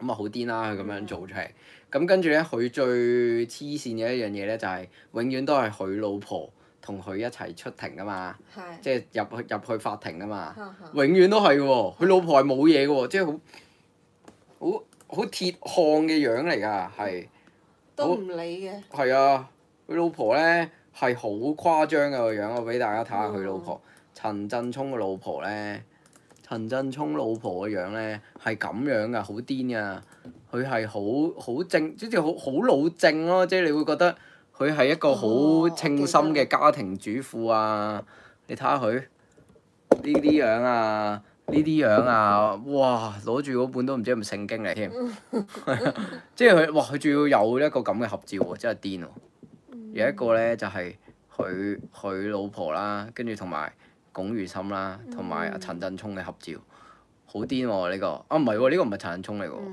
咁啊好癲啦，佢咁樣做出嚟。咁跟住咧，佢最黐線嘅一樣嘢咧，就係永遠都係佢老婆同佢一齊出庭啊嘛，是即係入入去法庭啊嘛，嗯嗯、永遠都係喎。佢老婆係冇嘢嘅喎，即係好好好鐵漢嘅樣嚟㗎，係都唔理嘅。係啊，佢老婆咧係好誇張嘅個樣，我俾大家睇下佢老婆陳振聰嘅老婆咧。陳振聰老婆嘅樣咧係咁樣噶，好癲噶，佢係好好正，即係好好老正咯、啊，即係你會覺得佢係一個好稱心嘅家庭主婦啊！哦、你睇下佢呢啲樣啊，呢啲樣啊，哇！攞住嗰本都唔知係咪聖經嚟、啊、添， [LAUGHS] [LAUGHS] 即係佢，哇！佢仲要有一個咁嘅合照喎、啊，真係癲喎！嗯、有一個咧就係佢佢老婆啦，跟住同埋。龔如心啦，同埋啊陳振聰嘅合照，mm hmm. 好癲喎呢個，啊唔係喎，呢個唔係陳振聰嚟喎，呢、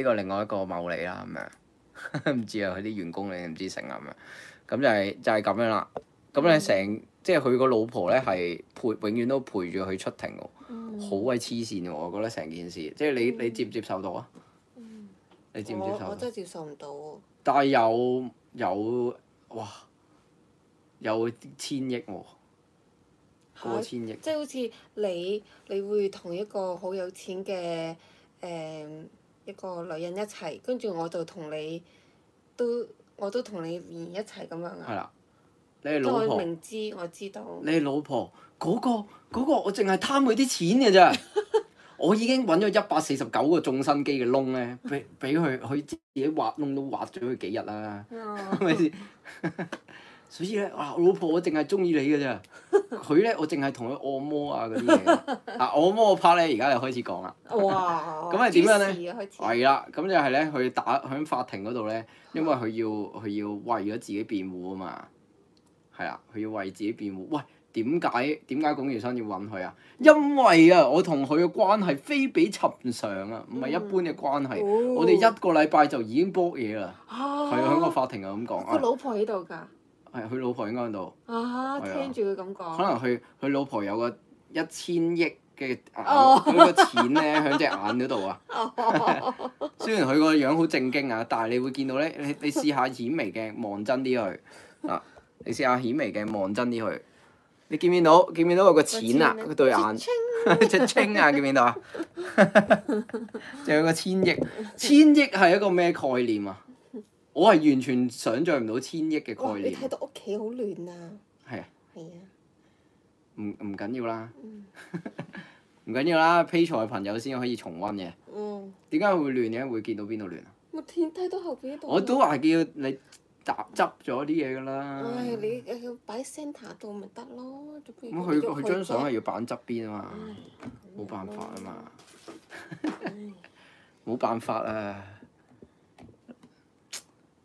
啊、個另外一個茂利啦咁樣，唔 [LAUGHS] 知啊佢啲員工你唔知成啊咁，咁就係、是、就係、是、咁樣啦。咁咧成即係佢個老婆咧係陪永遠都陪住佢出庭喎，好鬼黐線喎！我覺得成件事，即係你你接唔接受到啊？Mm hmm. 你接唔接受？我我真係接受唔到喎。但係有有，有，有哇，有千億喎、啊。過千億、啊、即係好似你，你會同一個好有錢嘅誒、呃、一個女人一齊，跟住我就同你都我都同你面一齊咁樣啊！係啦，你係老婆。明知我知道。你係老婆，嗰個、嗰個我淨係貪佢啲錢嘅咋， [LAUGHS] 我已經揾咗一百四十九個重身機嘅窿咧，俾俾佢佢自己挖窿都挖咗佢幾日啦，係咪先？所以咧、啊，我老婆我， [LAUGHS] 我淨係中意你嘅咋？佢咧，我淨係同佢按摩啊嗰啲嘢。啊，按摩 part 咧，而家又開始講啦。哇！咁係點樣咧？係啦，咁就係咧，佢打響法庭嗰度咧，因為佢要佢要，要為咗自己辯護啊嘛。係啊，佢要為自己辯護。喂，點解點解龔如心要揾佢啊？因為啊，我同佢嘅關係非比尋常啊，唔係一般嘅關係。嗯哦、我哋一個禮拜就已經煲嘢啦。係啊，喺個法庭又咁講。個、啊、老婆喺度㗎。係佢老婆應該喺度。啊哈！的聽住佢咁講。可能佢佢老婆有個一千億嘅咁、oh. 個錢咧喺 [LAUGHS] 隻眼嗰度啊。 [LAUGHS] 雖然佢個樣好正經啊，但係你會見到咧，你你試下顯微鏡望真啲佢啊！你試下顯微鏡望真啲佢。你見唔見到？見唔見到有個錢啊？個對眼，只青清 [LAUGHS] 啊！見唔見到啊？ [LAUGHS] 有個千億，千億係一個咩概念啊？我係完全想像唔到千億嘅概念。你睇到屋企好亂啊！係啊。係啊。唔唔緊要啦。唔緊要啦，Patreon 嘅朋友先可以重溫嘅。嗯。點解會亂嘅？會見到邊度亂啊？我天睇到後邊一度。我都話叫你揀執咗啲嘢㗎啦。唉，你要擺喺 centre 度咪得咯？咁佢佢張相係要擺喺側邊啊嘛，冇辦法啊嘛。冇辦法啊！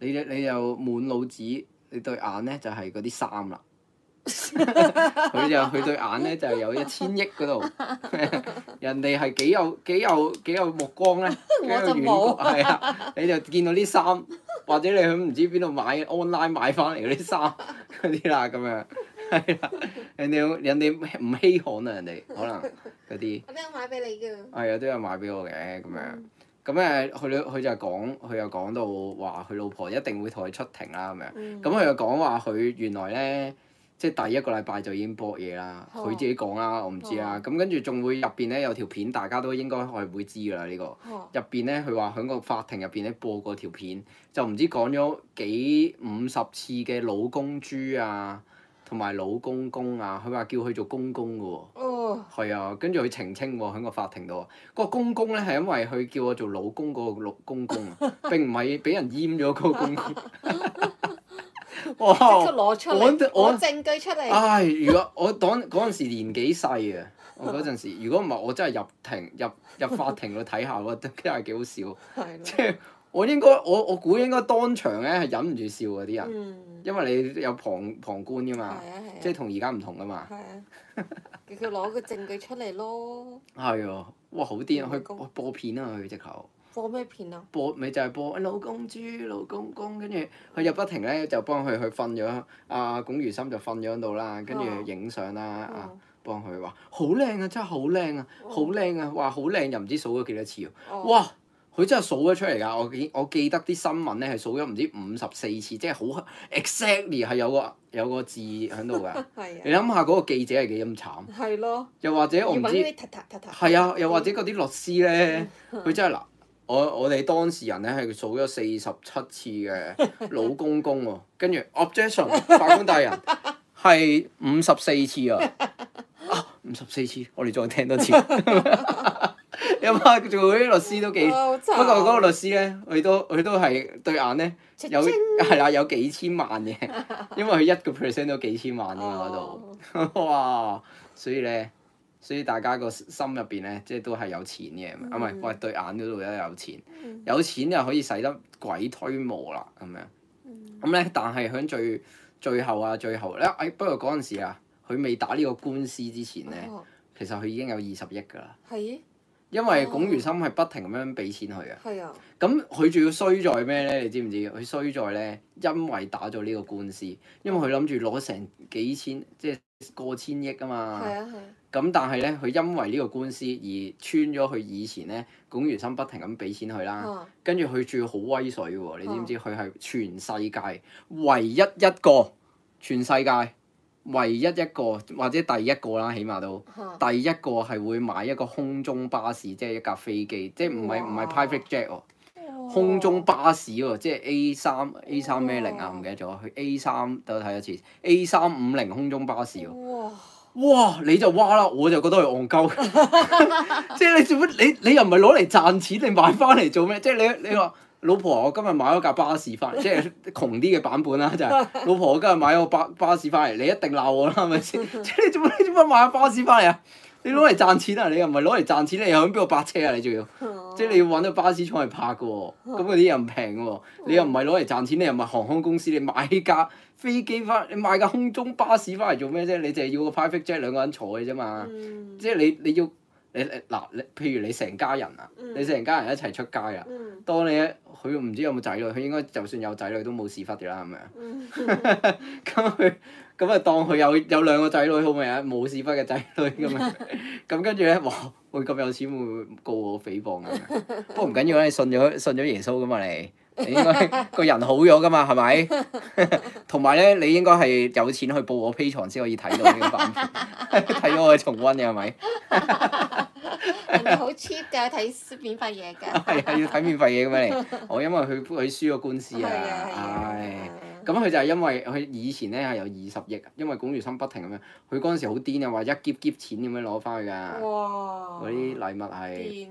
你你又滿腦子，你對眼咧就係嗰啲衫啦。佢 [LAUGHS] 就佢對眼咧就係、有一千億嗰度， [LAUGHS] 人哋係幾有幾有幾有目光咧，幾有遠。係啊，你就見到啲衫， [LAUGHS] 或者你去唔知邊度買 online 買翻嚟嗰啲衫嗰啲啦，咁 [LAUGHS] 樣係啦。人哋人哋唔稀罕啊，人哋可能嗰啲。我有、啊、都有買俾你㗎。係啊，都有買俾我嘅咁樣。咁誒，佢佢就講，佢又講到話，佢老婆一定會同佢出庭啦咁樣。咁佢又講話，佢原來咧，即係第一個禮拜就已經播嘢啦。佢、哦、自己講啦，我唔知啦。咁跟住仲會入邊咧有條片，大家都應該係會知㗎啦。呢個哦、呢個入邊咧，佢話喺個法庭入邊咧播過條片，就唔知講咗幾五十次嘅老公豬啊！同埋老公公啊，佢話叫佢做公公嘅喎、哦，係、oh. 啊，跟住佢澄清喎，喺個法庭度，啊、那，個公公咧係因為佢叫我做老公個老公公啊， [LAUGHS] 並唔係俾人閹咗個公。公。 [LAUGHS] 哇！即刻攞出嚟，我，我，我，我證據出嚟。唉，如果我當嗰陣時年紀細啊，我嗰陣時，如果唔係我真係入庭入入法庭去睇下，我真係幾好笑，即係的。 [LAUGHS] 我應該，我我估應該當場咧係忍唔住笑嗰啲人，嗯、因為你有旁旁觀噶嘛，啊啊、即係同而家唔同噶嘛。叫佢攞個證據出嚟咯。係 [LAUGHS] 啊！哇！好癲啊，佢公播片啊，佢直頭。播咩片啊？播咪就係、是、播老公豬老公公，跟住佢就不停咧就幫佢去瞓咗。阿龔、啊、如心就瞓咗喺度啦，跟住影相啦，啊幫佢話好靚啊，真係好靚啊，好靚啊，啊，哇！好靚又唔知數咗幾多次喎、啊，哇！哇佢真係數咗出嚟㗎，我記我記得啲新聞咧係數咗唔知五十四次，即係好 exactly 係有個有個字喺度㗎。 [LAUGHS] 啊、你諗下嗰個記者係幾咁慘？係咯 [LAUGHS] 、啊。又或者我唔知。係啊，又或者嗰啲律師咧，佢、嗯、真係嗱， [LAUGHS] 我我哋當事人咧係數咗四十七次嘅老公公喎，跟住 [LAUGHS] objection，法官大人係五十四次啊，五十四次，我哋再聽多次。 [LAUGHS] [LAUGHS] 有啊，做啲律師都幾，哦、不過嗰個律師咧，佢都佢都係對眼咧，有係啦，有幾千萬嘅，因為佢一個 percent 都幾千萬㗎嘛嗰度，哦、哇！所以咧，所以大家個心入邊咧，即係都係有錢嘅，唔係話對眼嗰度咧有錢，有錢又可以使得鬼推磨啦咁樣，咁咧，但係喺最最後啊，最後咧、啊，哎，不過嗰陣時啊，佢未打呢個官司之前咧，哦、其實佢已經有二十億㗎啦。因為龔如心係不停咁樣俾錢佢嘅，咁佢仲要衰在咩咧？你知唔知？佢衰在咧，因為打咗呢個官司，因為佢諗住攞成幾千即係過千億啊嘛。咁、啊啊、但係咧，佢因為呢個官司而穿咗佢以前咧，龔如心不停咁俾錢佢啦。哦、跟住佢仲要好威水喎，你知唔知？佢係、哦、全世界唯一一個全世界，唯一一個或者第一個啦，起碼都第一個係會買一個空中巴士，即係一架飛機，即係唔係唔係 private jet 喎，哇 Jack, 空中巴士喎，哇即係 A 三 A 三咩零啊，唔記得咗，去 A 三都有睇一次 A 三五零空中巴士喎，哇，哇，你就哇啦，我就覺得佢戇鳩。 [LAUGHS] 即係你做乜？你你又唔係攞嚟賺錢，你買翻嚟做咩？即係你你話。老婆，我今日買咗架巴士翻嚟， [LAUGHS] 即係窮啲嘅版本啦，就係、是、老婆，我今日買咗個巴巴士翻嚟，你一定鬧我啦，係咪先？ [LAUGHS] 即係你做乜你做乜買架巴士翻嚟啊？你攞嚟賺錢啊？你又唔係攞嚟賺錢，你又響邊度泊車啊？你仲要？ [LAUGHS] 即係你要揾個巴士廠嚟泊噶喎，咁嗰啲又唔平噶喎，你又唔係攞嚟賺錢，你又唔係航空公司，你買架飛機翻，你買架空中巴士翻嚟做咩啫？你淨係要個 private jet 兩個人坐嘅啫嘛，即係你你，你要。你你嗱，你譬如你成家人啊，嗯、你成家人一齊出街啊，嗯、當你佢唔知有冇仔女，佢應該就算有仔女都冇屎忽噶啦，咁 [LAUGHS] 樣，咁佢咁啊當佢有有兩個仔女好咪啊，冇屎忽嘅仔女咁啊，咁跟住咧，哇，會咁有錢會唔會告我誹謗啊？不過唔緊要啦，你信咗信咗耶穌噶嘛你。你應該個人好咗噶嘛，係咪？同埋咧，你應該係有錢去報我 Patreon 先可以睇到呢個版，睇 [LAUGHS] [LAUGHS] 到我重溫，係咪？好 cheap 㗎，睇 [LAUGHS] 免費嘢㗎。係啊，要睇免費嘢咁樣嚟？我因為佢佢輸咗官司啊，唉！咁佢、哎、就係因為佢以前咧係有二十億，因為龔如心不停咁樣，佢嗰陣時好癲啊，話一劫劫錢咁樣攞翻去㗎哇。哇！嗰啲禮物係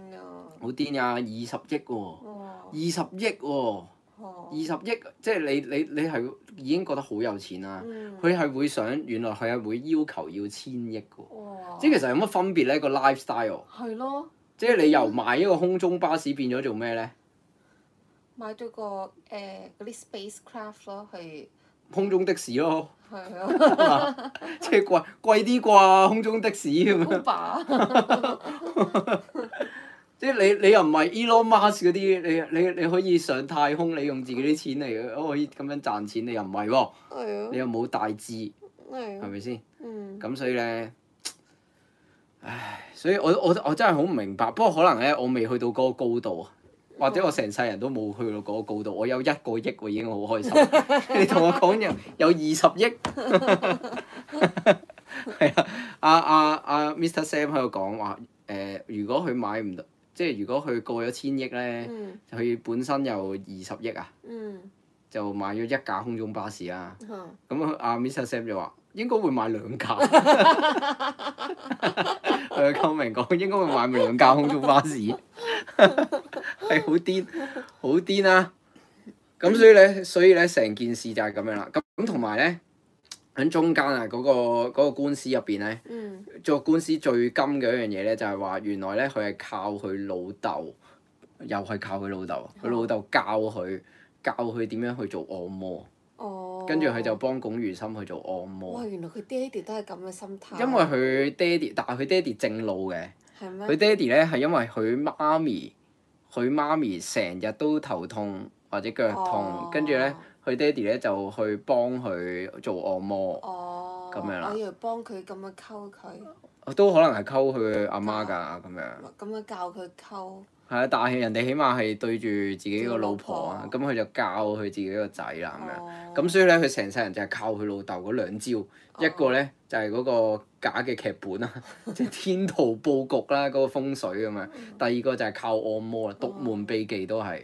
好癲呀！二十億喎、哦，二十哇億喎、哦，二十、啊、億，即係你你你係已經覺得好有錢啦。佢係、嗯、會想，原來佢係會要求要千億嘅、哦，哇即係其實有乜分別呢？個 lifestyle 係咯的，即係你由買一個空中巴士變咗做咩呢？買咗個誒嗰啲 spacecraft 咯，係、uh, 空中的士咯，係啊， [LAUGHS] 即係貴貴啲啩？空中的士咁啊！即係你你又唔係 Elon Musk 嗰啲，你你你可以上太空，你用自己啲錢嚟可可以咁樣賺錢，你又唔係喎，啊、你又冇大志，係咪先？咁、嗯、所以咧，唉，所以我我我真係好唔明白。不過可能咧，我未去到嗰個高度，或者我成世人都冇去到嗰個高度。我有一個億，我已經好開心。 [LAUGHS] [LAUGHS] 你同我、， [LAUGHS] [LAUGHS] 啊啊啊啊啊啊、我講有有二十億，係啊，阿阿阿 Mister Sam 喺度講話，誒，如果佢買唔到。即係如果佢過咗千億咧，佢、嗯、本身有二十億啊，嗯、就買咗一架空中巴士啊。咁阿、嗯、Mr Sam 就話應該會買兩架。佢咁明講應該會買埋兩架空中巴士 [LAUGHS] 癲，係好癲，好癲啊！咁所以咧，嗯、所以咧，成件事就係咁樣啦。咁咁同埋咧。喺中間啊，嗰個嗰個官司入邊咧，嗯、做官司最金嘅一樣嘢咧，就係話原來咧佢係靠佢老豆，又係靠佢老豆，佢老豆教佢教佢點樣去做按摩，跟住佢就幫龔如心去做按摩。哇、哦！原來佢爹哋都係咁嘅心態。因為佢爹哋，但係佢爹哋正路嘅，佢爹哋咧係因為佢媽咪，佢媽咪成日都頭痛或者腳痛，跟住咧。佢爹哋咧就去幫佢做按摩，咁樣啦。我以為幫佢咁樣溝佢。都可能係溝佢阿媽噶咁樣。咁樣教佢溝。係啊，但係人哋起碼係對住自己個老婆啊，咁佢就教佢自己個仔啦咁樣。咁所以咧，佢成世人就係靠佢老豆嗰兩招，一個咧就係嗰個假嘅劇本啊，即係天圖佈局啦，嗰個風水咁樣。第二個就係靠按摩啦，獨門秘技都係。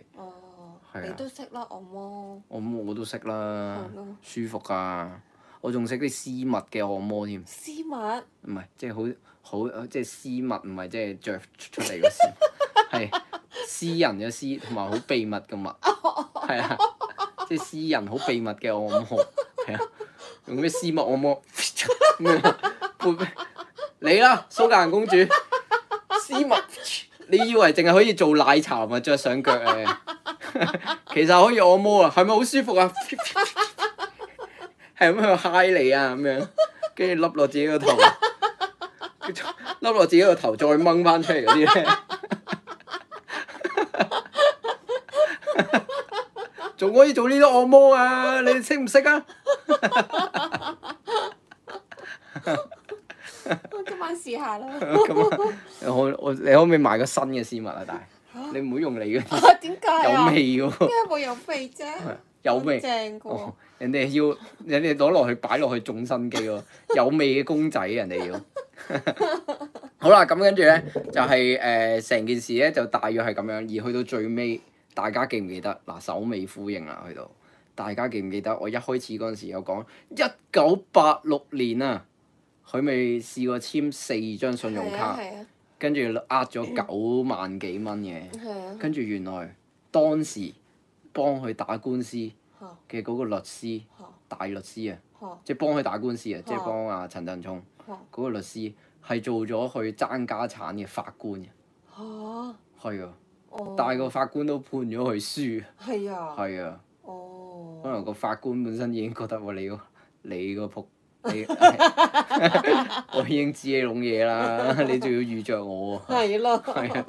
你都識啦，按摩。按摩我都識啦，的舒服啊！我仲識啲私密嘅按摩添。私密？唔係，即係好好即係私密，唔係即係著出嚟嘅絲，係私人嘅私，同埋好秘密嘅密，係啊，即係私人好秘密嘅按摩，係啊，用啲私密按摩？你 [LAUGHS] 啦，蘇格蘭公主，私密，你以為淨係可以做奶茶咪著上腳誒？ [LAUGHS] 其實可以按摩啊，係咪好舒服啊？係咁喺度揩你啊，咁樣，跟住笠落自己個頭，笠落自己個頭再掹翻出嚟嗰啲咧，仲可以做呢啲按摩啊？你識唔識啊？我 [LAUGHS] 今晚試下啦。我 [LAUGHS] 我 [LAUGHS] 你可唔可以買個新嘅絲襪啊？但係？你唔好用你嘅。點解？有味嘅喎。點解會有味啫？有味正嘅 [LAUGHS] 人哋要人哋攞落去擺落去種新機咯，有味嘅公仔人哋要。 [LAUGHS] 好啦、啊，咁跟住咧就係誒成件事咧就大約係咁樣，而去到最尾，大家記唔記得嗱、啊、首尾呼應啦？去到大家記唔記得我一開始嗰陣時有講一九八六年啊，佢未試過簽四張信用卡。跟住呃咗九萬幾蚊嘅，跟住、嗯、原來當時幫佢打官司嘅嗰個律師、啊、大律師啊，即係幫佢打官司啊，即係幫啊陳振聰嗰個律師係做咗去爭家產嘅法官，啊，係啊的，哦、但係個法官都判咗佢輸，啊，係啊，可能個法官本身已經覺得喂，你個你個僕。我已經知呢諗嘢啦，你仲要遇着我喎？係咯。係啊。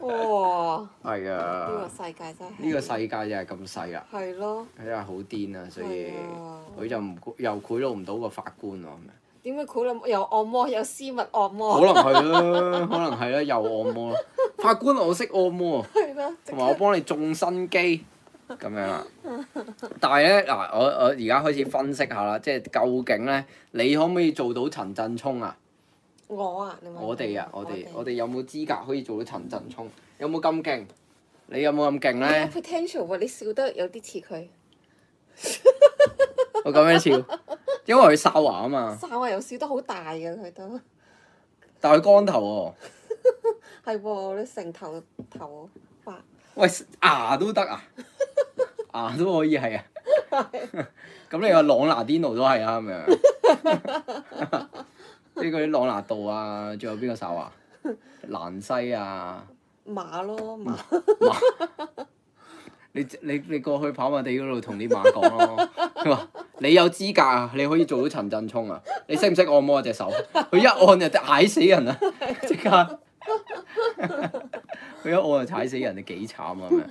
哇！係啊。呢個世界真係呢個世界就係咁細啊！係咯。真係好癲啊！所以佢就唔又賄賂唔到個法官喎。點會賄賂？又按摩又私密按摩。按摩可能係啦，可能係啦，又按摩啦。法官，我識按摩啊。同埋我幫你鍾身機。咁樣啦、啊，但係咧嗱，我我而家開始分析下啦，即、就、係、是、究竟咧，你可唔可以做到陳振聰啊？我啊？你我哋啊？嗯、我哋們我哋、啊、有冇資格可以做到陳振聰？有冇咁勁？你有冇咁勁咧？potential、啊、你笑得有啲似佢。 [LAUGHS] 我咁樣笑，因為佢哨牙啊嘛。哨牙又笑得好大噶、啊，佢都。但係佢光頭喎、啊。係喎、 [LAUGHS] 啊，你成頭頭髮。頭頭喂，牙都得啊，牙都可以係啊，咁 [LAUGHS] [LAUGHS] 你話朗拿甸奴都係啊，係咪啊？呢個啲朗拿度啊，仲有邊個手啊？蘭西啊，馬咯，馬，馬 [LAUGHS] 你你你過去跑馬地嗰度同啲馬講咯，佢話 [LAUGHS] 你有資格啊，你可以做到陳振聰啊，你識唔識按摩隻手？佢 [LAUGHS] 一按就嗌死人啊，即刻。 [LAUGHS] [LAUGHS] 俾我我就踩死人，你幾慘啊！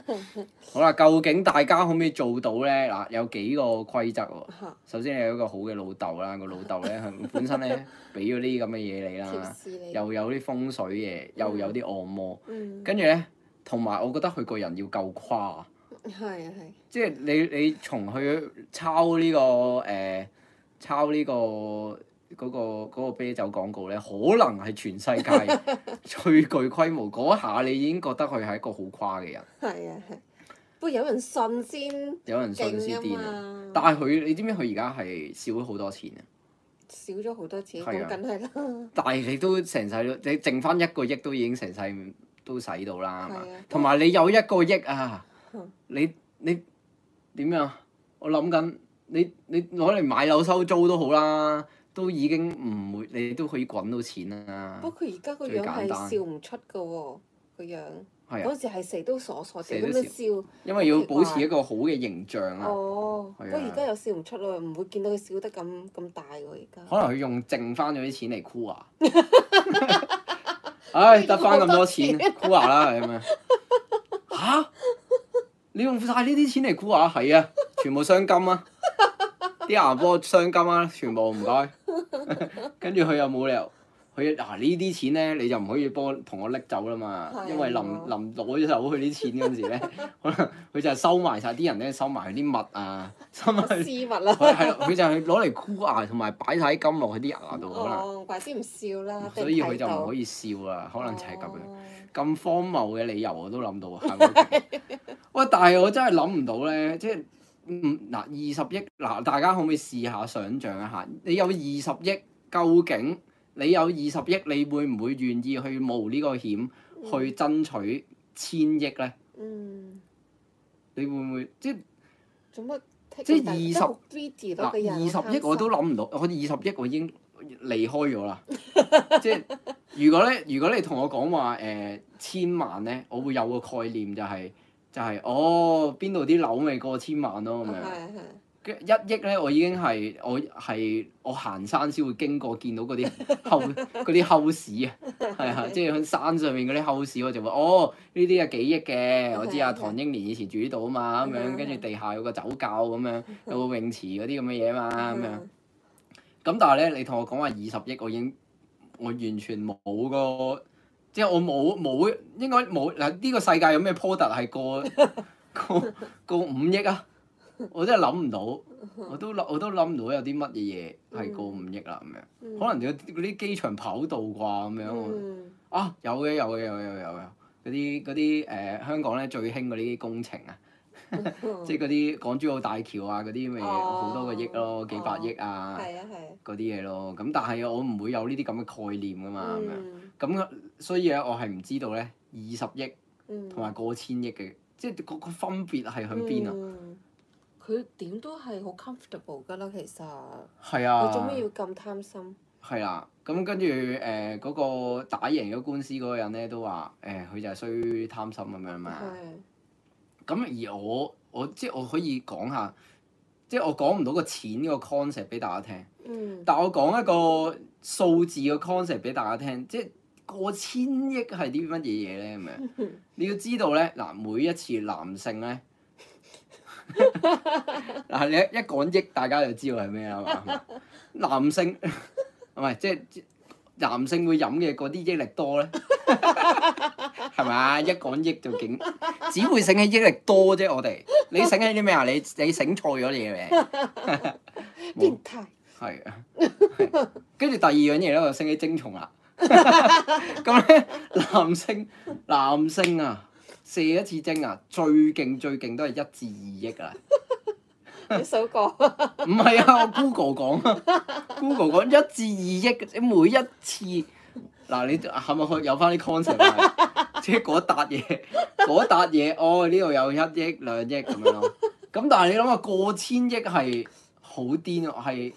[LAUGHS] 好啦，究竟大家可唔可以做到咧？嗱，有幾個規則喎、啊。首先你有一個好嘅老豆啦，個老豆咧本身咧俾咗啲咁嘅嘢你啦，又有啲風水嘢，嗯、又有啲按摩。跟住咧，同埋我覺得佢個人要夠誇。即係 [LAUGHS] 你你從佢抄呢個誒抄呢個。欸抄呢個嗰、嗰個嗰個啤酒廣告咧，可能係全世界最具規模嗰 [LAUGHS] 下，你已經覺得佢係一個好誇嘅人。係啊，係。不過有人信先，有人信先癲，啊！啊但係佢，你知唔知佢而家係少咗好多錢啊？少咗好多錢，梗係啦。啊、但係你都成世，你剩翻一個億都已經成世都使到啦。同埋、啊、吧你有一個億啊，嗯、你你點呀、啊？我諗緊，你你攞嚟買樓收租都好啦。都已經唔會，你都可以滾到錢啦。不過佢而家個樣係笑唔出嘅喎，個樣嗰時係成日都傻傻地喺度笑，因為要保持一個好嘅形象哦，不過而家又笑唔出咯，唔會見到佢笑得咁咁大喎而家。可能佢用剩翻咗啲錢嚟箍牙！唉，得翻咁多錢，箍牙啦係咪？嚇！你用晒呢啲錢嚟箍牙？係啊，全部鑲金啊！啲牙波鑲金啊！全部唔該。跟住佢又冇理由，佢嗱、啊、呢啲錢咧，你就唔可以幫同我拎走啦嘛。啊、因為臨臨攞走佢啲錢嗰陣時咧，可能佢就係收埋晒啲人咧，收埋啲物啊，收埋啲私物啦。係咯，佢就係攞嚟箍牙，同埋擺晒啲金落喺啲牙度。哦，怪知唔笑啦。所以佢就唔可以笑啦，啊、可能就係咁樣咁、哦、荒謬嘅理由，我都諗到， [LAUGHS] [LAUGHS] 到。哇、係咪喂！但係我真係諗唔到咧，即係。嗯嗱，二十億嗱，大家可唔可以試下想像一下？你有二十億，究竟你有二十億，你會唔會願意去冒呢個險去爭取千億咧？嗯，嗯你會唔會即係做乜？即係二十二十億我都諗唔到，嗯、我二十億我已經離開咗啦。嗯、即係如果咧，如果你同我講話誒千萬咧，我會有個概念就係、是。就係、是、哦，邊度啲樓咪過千萬咯咁樣，跟、啊、嗎一億咧，我已經係我係我行山先會經過見到嗰啲 [LAUGHS] 後嗰啲後市啊，係啊，即係喺山上面嗰啲後市我就會哦，呢啲啊幾億嘅，okay, okay. 我知啊，唐英年以前住呢度 Okay, okay. 啊嘛咁樣，跟住地下有個酒窖咁樣，有個泳池嗰啲咁嘅嘢嘛咁樣。咁但係咧，你同我講話二十億，我已經我完全冇個。即係我冇冇應該冇，嗱，呢個世界有咩 project 係過 [LAUGHS] 過過五億啊？我真係諗唔到，我都我都諗唔到有啲乜嘢嘢係過五億啦咁樣。嗯、可能有啲機場跑道啩咁樣啊，有嘅有嘅有嘅，有嘅。嗰啲嗰啲誒香港咧最興嗰啲工程啊， [LAUGHS] 即係嗰啲港珠澳大橋啊嗰啲咪好多個億咯，幾百億啊嗰啲嘢咯。咁但係我唔會有呢啲咁嘅概念噶嘛咁樣。嗯咁，所以咧，我係唔知道咧二十億同埋過千億嘅，嗯、即係個個分別係向邊啊？佢點、嗯、都係好 comfortable 噶啦，其實係啊，佢做咩要咁貪心？係啦、啊，咁跟住誒嗰個打贏咗官司嗰個人咧都話誒，佢就係衰貪心咁樣嘛。係咁、啊，而我我即係我可以講下，即係我講唔到個錢個 concept 俾大家聽。嗯、但我講一個數字嘅 concept 俾大家聽，即係。過千億係啲乜嘢嘢咧？咁樣你要知道咧，嗱每一次男性咧，嗱 [LAUGHS] 你一講億，大家就知道係咩啦嘛。男性係咪即係男性會飲嘅嗰啲益力多咧，係 [LAUGHS] 嘛？一講億就勁，只會醒起益力多啫。我哋你醒起啲咩啊？你你醒錯咗你嘅名，變態係啊。跟 [LAUGHS] 住第二樣嘢咧，我就醒起精蟲啦。咁 [LAUGHS] 咧、嗯，男性男性啊，射一次精啊，最勁最勁都係、 [LAUGHS] 啊、一至二億啊。你數過？唔係啊，我 Google 講啊，Google 講一至二億，你每一次嗱，你係咪有翻啲 concept，即係嗰一沓嘢，嗰一沓嘢，哦，呢度有一億兩億咁樣。咁但係你諗下，過千億係好癲啊，係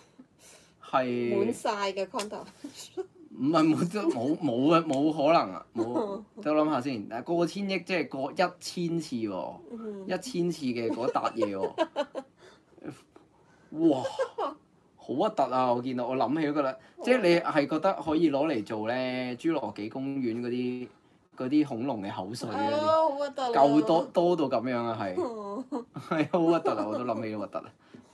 係滿曬嘅 concept。唔係冇冇啊！冇可能啊！冇，等我諗下先。但係過千億即係過一千次喎、哦，一千次嘅嗰笪嘢喎，哇！好核突啊！我見到我諗起都覺得，即係你係覺得可以攞嚟做咧，侏羅紀公園嗰啲嗰啲恐龍嘅口水啊，夠多多到咁樣啊，係係好核突啊！我都諗起都核突啊！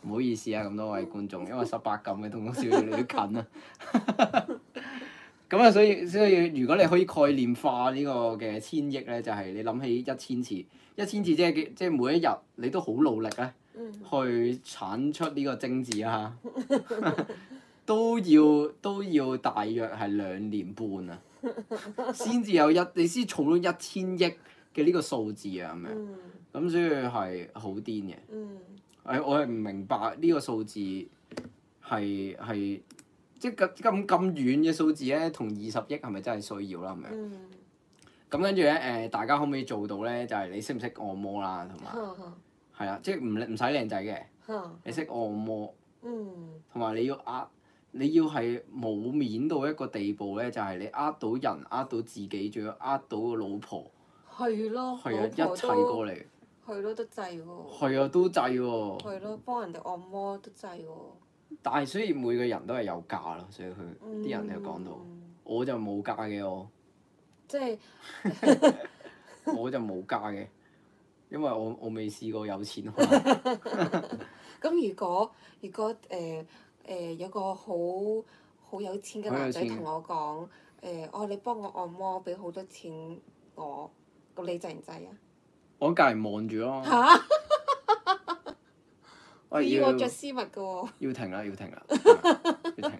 唔好意思啊，咁多位觀眾，因為十八禁嘅同少都近啊。 [LAUGHS] 咁啊，所以所以，如果你可以概念化呢個嘅千億咧，就係、是、你諗起一千次，一千次即係即係每一日你都好努力咧，去產出呢個精子啊，都要都要大約係兩年半啊，先至 [LAUGHS] 有一，你先儲到一千億嘅呢個數字啊咁樣，咁、嗯、所以係好癲嘅。誒、嗯哎，我係唔明白呢個數字係係。即咁咁咁遠嘅數字咧，同二十億係咪真係需要啦？咁樣。嗯。咁跟住咧，誒，大家可唔可以做到咧？就係你識唔識按摩啦，同埋係啊，即係唔唔使靚仔嘅。你識按摩。同埋你要呃，你要係冇面到一個地步咧，就係你呃到人，呃到自己，仲要呃到個老婆。係咯。係啊，一齊過嚟。係咯，都制喎。係啊，都制喎。係咯，幫人哋按摩都制喎。但係，所以每個人都係有價咯，所以佢啲、嗯、人又講到，我就冇價嘅我即是，即 [LAUGHS] 係 [LAUGHS] 我就冇價嘅，因為我我未試過有錢去。咁 [LAUGHS] [LAUGHS] 如果如果誒誒、呃呃、有個好好有錢嘅男仔同我講誒，我、呃、你幫我按摩，俾好多錢我，咁你制唔制啊？我隔籬望住咯。嚇！啊、要要我依個著絲襪㗎喎、哦。要停啦、 [LAUGHS] 啊，要停啦。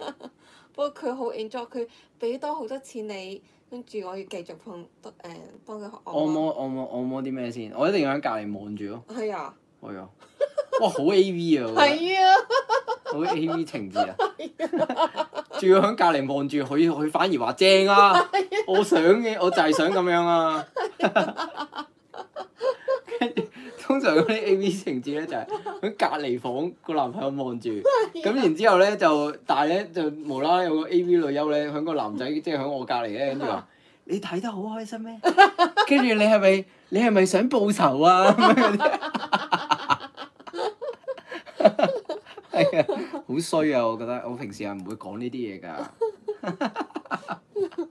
不過佢好 enjoy，佢俾多好多錢你，跟住我要繼續碰，得誒幫佢。我摸我摸我摸啲咩先？我一定要喺隔離望住咯。係啊。係啊。哇！好 A V 啊～係啊。好 A V 情節啊！仲、啊、 [LAUGHS] 要喺隔離望住佢，佢反而話正啊！我想嘅，我就係想咁樣啊。跟住，通常嗰啲 A V 情節咧就係、是。佢隔離房、嗰個男朋友望住，咁、哎、呀然之後咧就，但係咧就無啦啦有個 A.V. 女優咧喺個男仔，即係喺我隔離咧，跟住話：你睇得好開心咩？跟住你係咪你係咪想報仇啊？係 [LAUGHS] 啊、 [LAUGHS] 哎，好衰啊！我覺得我平時係唔會講呢啲嘢㗎。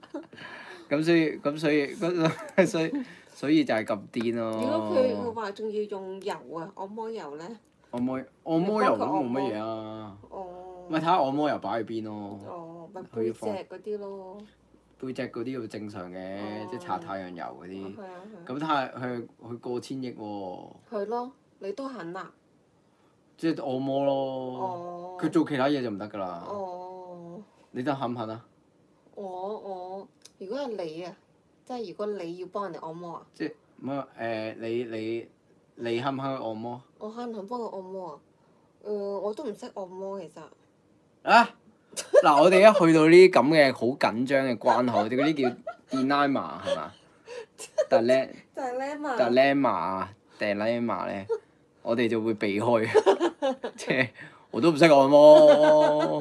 咁 [LAUGHS] 所以咁所以所以，所以，所，以所以就係咁癲咯。如果佢話仲要用油啊，按摩油咧？按摩按摩油都冇乜嘢啊，咪睇下按摩油擺喺邊咯。咯哦，咪背脊嗰啲咯。背脊嗰啲要正常嘅，即係搽太陽油嗰啲。係、哦、啊係。咁睇下佢佢過千億喎。係咯，你都肯啊？即係按摩咯。佢、哦、做其他嘢就唔得㗎啦。哦。你得肯唔肯啊？我我如果係你啊，即係如果你要幫人哋按摩啊。即係乜誒？你你。你你你肯唔肯去按摩？我肯唔肯幫佢按摩啊？誒、嗯，我都唔識按摩其實。啊！嗱、啊，我哋一去到呢啲咁嘅好緊張嘅關口，啲嗰啲叫 dilemma, [LAUGHS] [LAUGHS] dilemma 係嘛？dilemma，dilemma，但 a dilemma，dilemma，但 a dilemma，dilemma，dilemma，dilemma，dilemma，dilemma，dilemma，dilemma，dilemma，我哋就會避開，即係我都唔識按摩，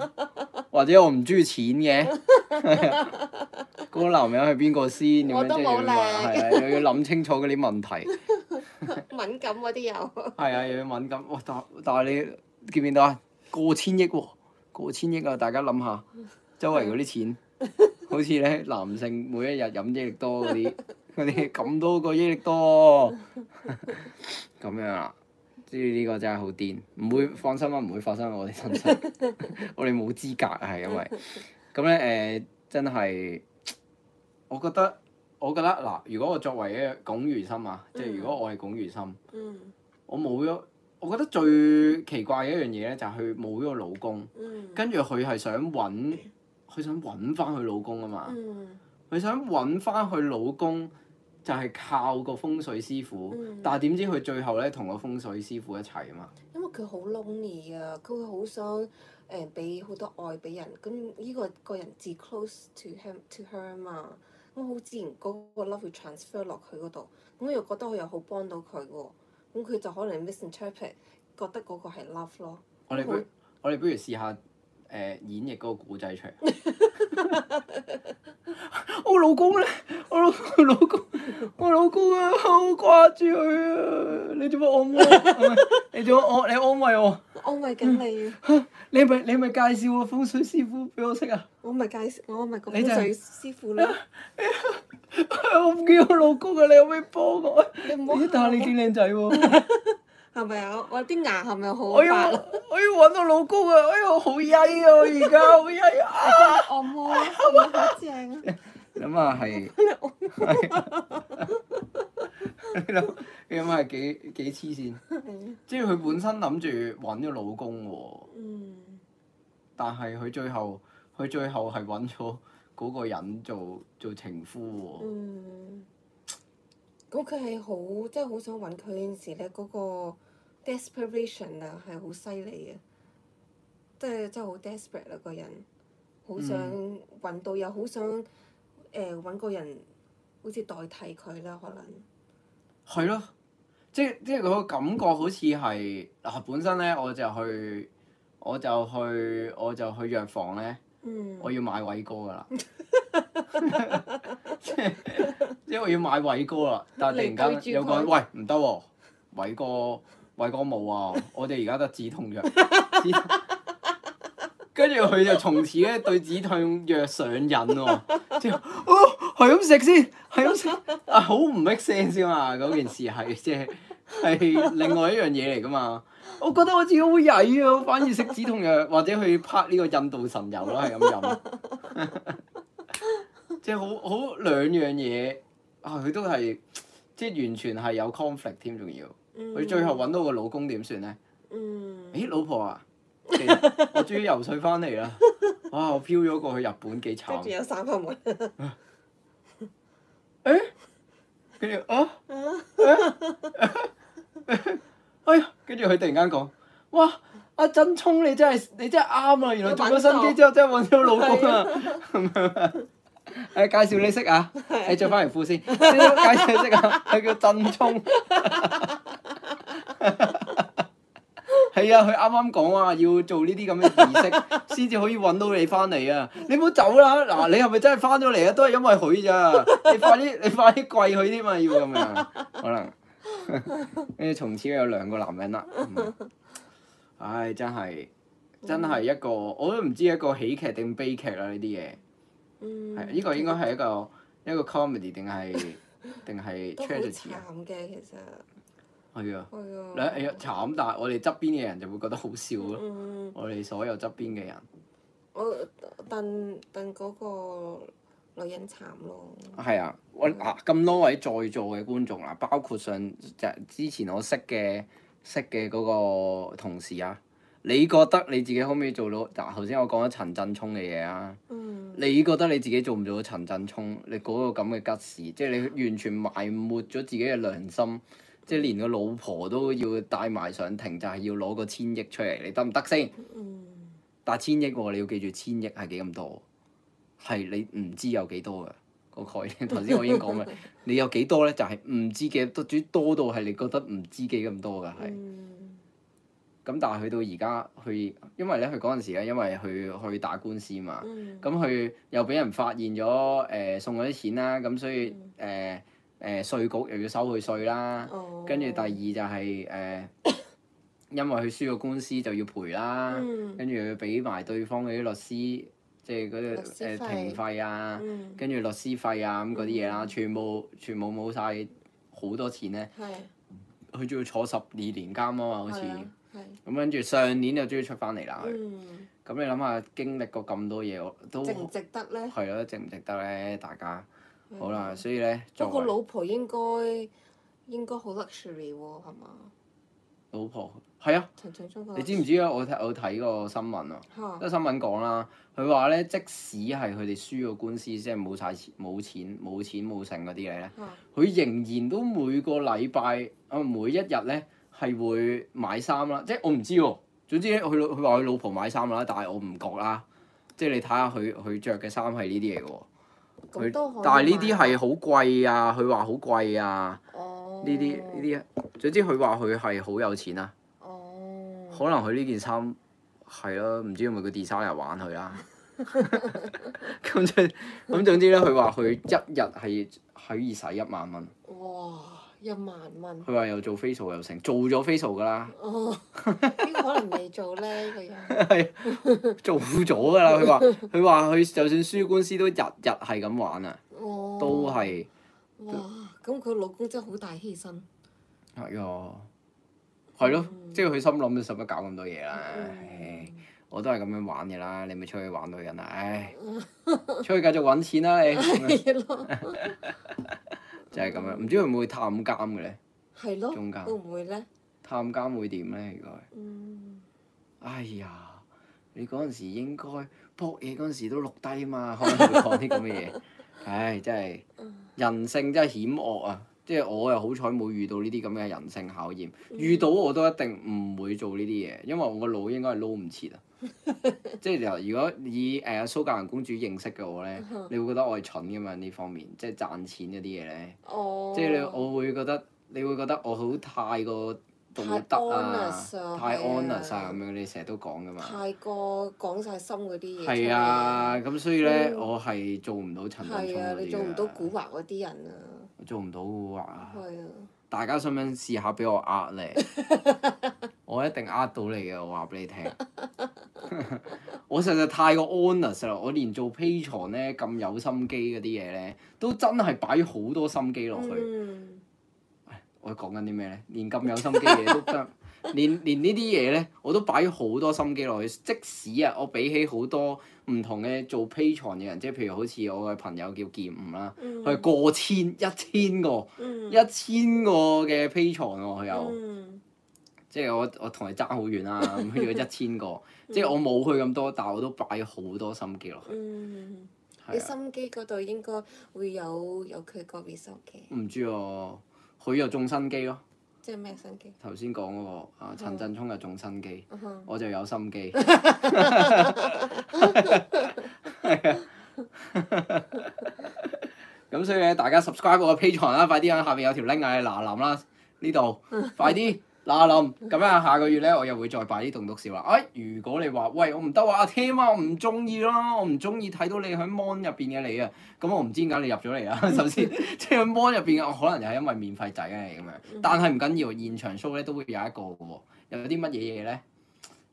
或者我唔中意錢嘅，嗰 [LAUGHS] 個男人係邊個先？我都冇理，係 [LAUGHS] 啊，又要諗清楚嗰啲問題。 [LAUGHS] 敏感嗰啲有。係啊，又要敏感。哇！但但係你見唔見到啊？過千億喎，啊，過千億啊！大家諗下，周圍嗰啲錢， [LAUGHS] 好似咧男性每一日飲益力多嗰啲，嗰啲咁多個益力多，咁 [LAUGHS] 樣啊！知呢個真係好癲，唔會放心啊！唔會發生喺我哋身上，我哋冇資格啊，係因為咁咧誒，真係我覺得我覺得嗱，如果我作為一個龔如心啊，嗯、即係如果我係龔如心，嗯、我冇咗，我覺得最奇怪嘅一樣嘢咧就係佢冇咗個老公，嗯、跟住佢係想揾，佢想揾翻佢老公啊嘛，佢、嗯、想揾翻佢老公。就係靠個風水師傅，嗯、但係點知佢最後咧同個風水師傅一齊啊嘛。因為佢好 lonely 啊，佢會好想誒俾好多愛俾人，咁呢個個人最 close to him to her 啊嘛，咁好自然嗰個 love 會 transfer 落佢嗰度，咁又覺得佢又好幫到佢喎、啊，咁佢就可能 misinterpret，覺得嗰個係 love 咯。我哋不，很我哋不如試下。誒演繹嗰個古仔出嚟， [LAUGHS] 我老公咧，我老公，我老公，我老公啊，好掛住佢啊，你做乜安慰我？你做乜安？你安慰我。 [LAUGHS] 安慰緊你。 [LAUGHS] 你咪你咪介紹個風水師傅俾我識啊！我咪介紹，我咪個風水師傅咧、就是 [LAUGHS] 哎哎。我唔見我老公㗎！你可唔可以幫我？你睇下你幾靚仔喎！ [LAUGHS] 係咪、哎、啊？我啲牙係咪好白、啊？我要揾我老公啊！哎依度好曳啊！我而家好曳啊！我做按摩，按摩好正啊！咁啊係，你諗你諗係幾幾黐線？即係佢本身諗住揾咗老公喎，但係佢最後佢最後係揾咗嗰個人做做情夫喎。嗯。咁佢係好即係好想揾佢嗰陣時咧，嗰、嗰個 desperation 啊係好犀利啊！即係真係好 desperate 啦個人，好想揾到又好想誒揾個人，好似代替佢啦可能。係咯，即係即係嗰個感覺好似係嗱，本身咧我就去，我就去，我就去藥房咧，嗯、我要買偉哥噶啦。 [LAUGHS] [LAUGHS] 即係我要買偉哥啦，但係突然間有個人喂唔得喎，偉、啊、哥偉哥冇啊，我哋而家得止痛藥，跟住佢就從此咧對止痛藥上癮喎、啊，係哦係咁食先，係咁食啊好唔 make sense 噶嘛？嗰件事係即係係另外一樣嘢嚟噶嘛？我覺得我自己好曳啊，反而食止痛藥或者去拍呢個印度神油啦，係咁飲。 [LAUGHS] 即係好好兩樣嘢，啊佢都係即係完全係有 conflict 添，仲要佢最後揾到個老公點算呢？誒、嗯、老婆啊！我終於游水翻嚟啦！哇！我飄咗過去日本幾慘，跟住有三個門。跟住啊，跟住佢突然間講：哇！阿振聰你真係你真係啱啊！原來做咗新機之後，真係揾到老公啦！ [LAUGHS] 誒、哎，介紹你識啊！你着翻條褲先，先介紹你識 [LAUGHS] 叫 [LAUGHS] [LAUGHS] 啊！佢叫振聰，係啊！佢啱啱講話要做呢啲咁嘅儀式，先至可以揾到你翻嚟啊！你唔好走啦！嗱、啊，你係咪真係翻咗嚟啊？都係因為佢咋？你快啲，你快啲跪佢添啊！要咁樣，可能，跟住從此有兩個男人啦。唉、哎，真係，真係一個我都唔知一個喜劇定悲劇啦呢啲嘢。係，依個應該係一個實一個 comedy 定係定係 tragedy 啊？都好慘嘅其實。係啊。係 [NOISE] 啊。兩呀呀、哎、慘，但係我哋側邊嘅人就會覺得好笑咯。嗯、我哋所有側邊嘅人。我戥戥嗰個女人慘咯。係啊，我嗱咁、啊、多位在座嘅觀眾啊，包括上就之前我識嘅識嘅嗰個同事啊。你覺得你自己可唔可以做到？嗱、啊，頭先我講咗陳振聰嘅嘢啊，嗯、你覺得你自己做唔做到陳振聰？你嗰個咁嘅吉事，即係你完全埋沒咗自己嘅良心，即係連個老婆都要帶埋上庭，就係、係、要攞個千億出嚟，你得唔得先？嗯、但係千億喎、哦，你要記住，千億係幾咁多，係你唔知有幾多嘅、嗰個概念。頭先我已經講啦， [LAUGHS] 你有幾多咧？就係、係、唔知幾多，主多到係你覺得唔知幾咁多嘅係。咁但係去到而家，佢因為咧，佢嗰陣時咧，因為佢去打官司嘛，咁佢又俾人發現咗誒送嗰啲錢啦，咁所以誒誒稅局又要收佢稅啦，跟住第二就係誒，因為佢輸咗官司就要賠啦，跟住又要俾埋對方嗰啲律師，即係嗰啲誒庭費啊，跟住律師費啊咁嗰啲嘢啦，全部全部冇晒好多錢咧，佢仲要坐十二年監啊嘛，好似。咁跟住上年就終於出翻嚟啦，咁你諗下經歷過咁多嘢，都值唔值得咧？係咯，值唔值得咧？大家、嗯、好啦，所以咧，做個老婆應該應該好 luxury 喎，係嘛為？老婆係啊，你知唔知咧？我我睇個新聞新聞啊，即新聞講啦，佢話咧，即使係佢哋輸個官司，即係冇晒錢、冇錢、冇錢、冇剩嗰啲嚟咧，佢、啊、仍然都每個禮拜啊、呃、每一日咧。係會買衫啦，即係我唔知喎。總之佢佢話佢老婆買衫啦，但係我唔覺啦。即係你睇下佢佢著嘅衫係呢啲嘢喎。佢但係呢啲係好貴啊，佢話好貴啊。呢啲呢啲啊，總之佢話佢係好有錢啦。可能佢呢件衫係咯，唔知係咪佢 designer 玩佢啦。咁總咁總之咧，佢話佢一日係可以使一萬蚊。哇！又萬蚊，佢話又做 facial 又成，做咗 facial 噶啦。哦，邊個可能未做咧？呢個人。係。做咗噶啦，佢話佢話佢就算輸官司都日日係咁玩啊，都係。哇！咁佢老公真係好大犧牲。係啊，係咯，即係佢心諗，使乜搞咁多嘢啊？唉，我都係咁樣玩嘅啦，你咪出去玩女人啦，唉，出去繼續揾錢啦，你。就係咁樣，唔知佢會唔會探監嘅咧？係咯的，中間會唔會咧？探監會點咧？應該。嗯。哎呀！你嗰陣時應該撲嘢嗰陣時都錄低啊嘛，可能會講啲咁嘅嘢。唉、 [LAUGHS] 哎，真係人性真係險惡啊！即係我又好彩冇遇到呢啲咁嘅人性考驗，嗯、遇到我都一定唔會做呢啲嘢，因為我個腦應該係撈唔切啊。即係如果以誒蘇格蘭公主認識嘅我呢，你會覺得我係蠢㗎嘛？呢方面即係賺錢嗰啲嘢呢，即係你我會覺得你會覺得我好太過道德啊，太 honest 啊咁樣，你成日都講㗎嘛，太過講晒心嗰啲嘢。係啊，咁所以呢，我係做唔到陳振聰嗰啲，做唔到古惑嗰啲人啊，做唔到古惑啊，大家想唔想試下俾我呃咧？我一定呃到你嘅，我話俾你聽。 [LAUGHS] 我實在太過 honest 啦，我連做 Patreon 咧咁有心機嗰啲嘢咧，都真係擺咗好多心機落去。嗯、我講緊啲咩咧？連咁有心機嘅嘢都得， [LAUGHS] 連連呢啲嘢咧，我都擺咗好多心機落去。即使啊，我比起好多唔同嘅做 Patreon 嘅人，即係譬如好似我嘅朋友叫劍悟啦，佢過千一千個、嗯、一千個嘅 Patreon 喎，佢有。嗯嗯即係我我同你爭好遠啦、啊，咁去咗一千個。 [LAUGHS] 嗯、即係我冇去咁多，但係我都擺咗好多心機落去。嗯，啊、你心機嗰度應該會有有佢嗰邊心機。唔知喎，佢又重心機咯。即係咩心機？頭先講嗰個啊，陳振聰又重心機，哦、我就有心機。咁所以咧，大家 subscribe 我 Patreon 啦，快啲喺下邊有條 link 係嗱嗱臨啦，呢度快啲。嗱，林咁、嗯、樣下個月咧，我又會再擺啲棟篤笑啦。哎，如果你話喂我唔得喎，阿 Tim 啊，我唔中意啦，我唔中意睇到你喺 Mon 入邊嘅你啊。咁我唔知點解你入咗嚟啊。 [LAUGHS] 首先，即係喺 Mon 入邊嘅，我可能又係因為免費仔嚟咁樣。但係唔緊要，現場 show 咧都會有一個嘅喎，又有啲乜嘢嘢咧？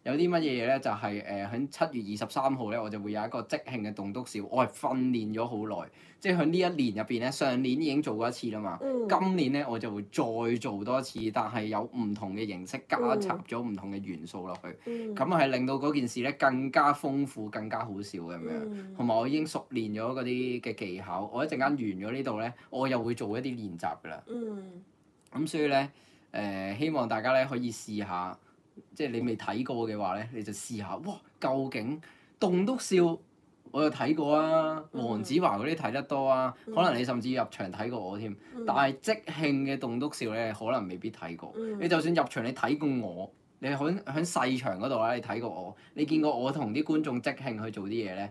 有啲乜嘢嘢咧？就係誒喺七月二十三號咧，我就會有一個即興嘅棟篤笑。我係訓練咗好耐，即係喺呢一年入邊咧，上年已經做過一次啦嘛。嗯、今年咧我就會再做多一次，但係有唔同嘅形式，加插咗唔同嘅元素落去，咁係、嗯、令到嗰件事咧更加豐富、更加好笑咁樣。同埋、嗯、我已經熟練咗嗰啲嘅技巧，我一陣間完咗呢度咧，我又會做一啲練習噶啦。咁、嗯、所以咧誒、呃，希望大家咧可以試、試下。即係你未睇過嘅話咧，你就試下，哇！究竟棟篤笑，我有睇過啊，黃子華嗰啲睇得多啊，可能你甚至入場睇過我添，但係即興嘅棟篤笑咧，你可能未必睇過。你就算入場，你睇過我，你響響細場嗰度咧，你睇過我，你見過我同啲觀眾即興去做啲嘢咧，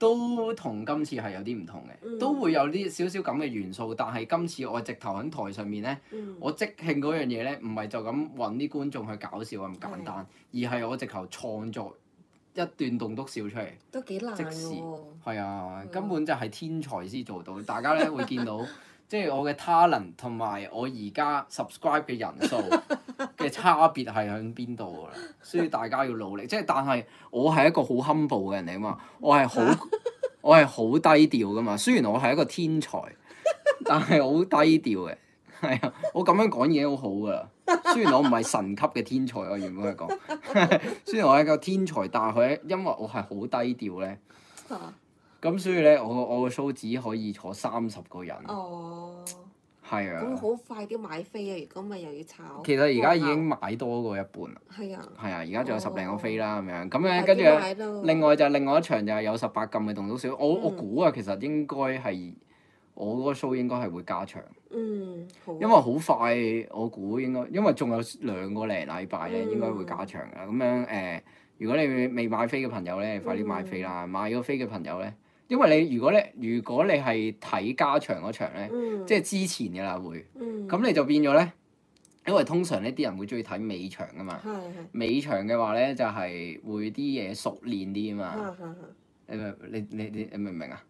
都同今次係有啲唔同嘅，嗯、都會有啲少少咁嘅元素，但係今次我直頭喺台上面呢，嗯、我即興嗰樣嘢呢，唔係就咁揾啲觀眾去搞笑咁簡單，嗯、而係我直頭創作一段棟篤笑出嚟，都幾難喎。即時，係啊，啊嗯、根本就係天才先做到。大家呢，會見到， [LAUGHS] 即係我嘅 talent 同埋我而家 subscribe 嘅人數。 [LAUGHS] 嘅差別係喺邊度啊？所以大家要努力。即係，但係我係一個好 humble 嘅人嚟啊嘛！我係好 [LAUGHS] 我係好低調噶嘛。雖然我係一個天才，但係好低調嘅。係啊，我咁樣講嘢好好噶。雖然我唔係神級嘅天才，我原本係講。 [LAUGHS] 雖然我係一個天才，但係佢因為我係好低調咧，咁所以咧我我個 show 只可以坐三十個人。Oh. 係啊，咁好快啲買飛啊！如果咪又要炒，其實而家已經買多過一半啦。係啊，而家仲有十零個飛啦咁樣，咁樣跟住另外就係另外一場，就係有十八禁嘅棟篤笑，我我估啊，其實應該係我嗰個 show 應該係會加長。因為好快，我估應該因為仲有兩個零禮拜咧，應該會加長噶。咁樣誒，如果你未買飛嘅朋友咧，快啲買飛啦！買咗飛嘅朋友咧。因為你如果咧，如果你係睇加場嗰場咧，嗯、即係之前嘅啦會，咁、嗯、你就變咗咧，因為通常呢啲人會中意睇尾場噶嘛，尾對對 場嘅話咧就係、是、會啲嘢熟練啲啊嘛，你明你你你明唔明啊？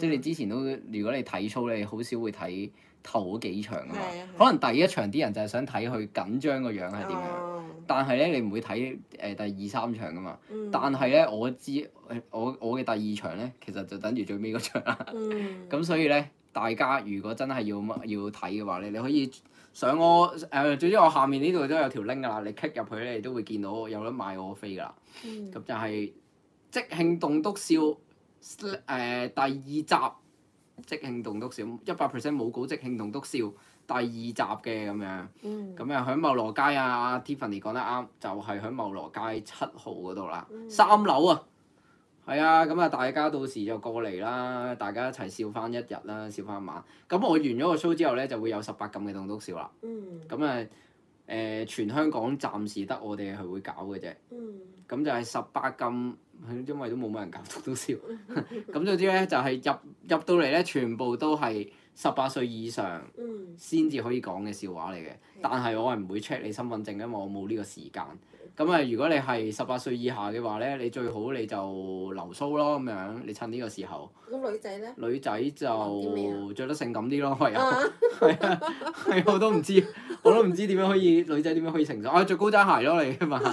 即係你之前都如果你體操，你好少會睇。頭嗰幾場啊嘛，麼可能第一場啲人就係想睇佢緊張個樣係點樣，oh. 但係咧你唔會睇誒、呃、第二三場噶嘛。嗯、但係咧我知我我嘅第二場咧，其實就等住最尾嗰場啦。咁、嗯、 [LAUGHS] 所以咧，大家如果真係要乜要睇嘅話咧，你可以上我誒，總、呃、之我下面呢度都有條 link 噶啦，你 click 入去咧，你都會見到有得買我飛噶啦。咁、嗯、就係即興棟篤笑誒、uh, 第二集。即興棟篤笑一百 percent 冇稿，即興棟篤笑第二集嘅咁樣，咁啊響茂羅街啊，Tiffany 講得啱，就係、是、響茂羅街七號嗰度啦，嗯、三樓啊，係啊，咁啊大家到時就過嚟啦，大家一齊笑翻一日啦，笑翻一晚。咁我完咗個 show 之後咧，就會有十八禁嘅棟篤笑啦，咁啊誒，全香港暫時得我哋係會搞嘅啫，咁、嗯、就係十八禁。係，因為都冇乜人搞到到笑，咁總之咧就係、就是、入入到嚟咧，全部都係十八歲以上先至可以講嘅笑話嚟嘅。嗯、但係我係唔會 check 你身份證，因為我冇呢個時間。咁啊！如果你係十八歲以下嘅話咧，你最好你就留鬚咯，咁樣，你趁呢個時候。咁女仔咧？女仔就著得性感啲咯，係啊，係 [LAUGHS] 啊，係我都唔知，我都唔知點樣可以女仔點樣可以成熟。我、啊、著高踭鞋咯，你嘅嘛。十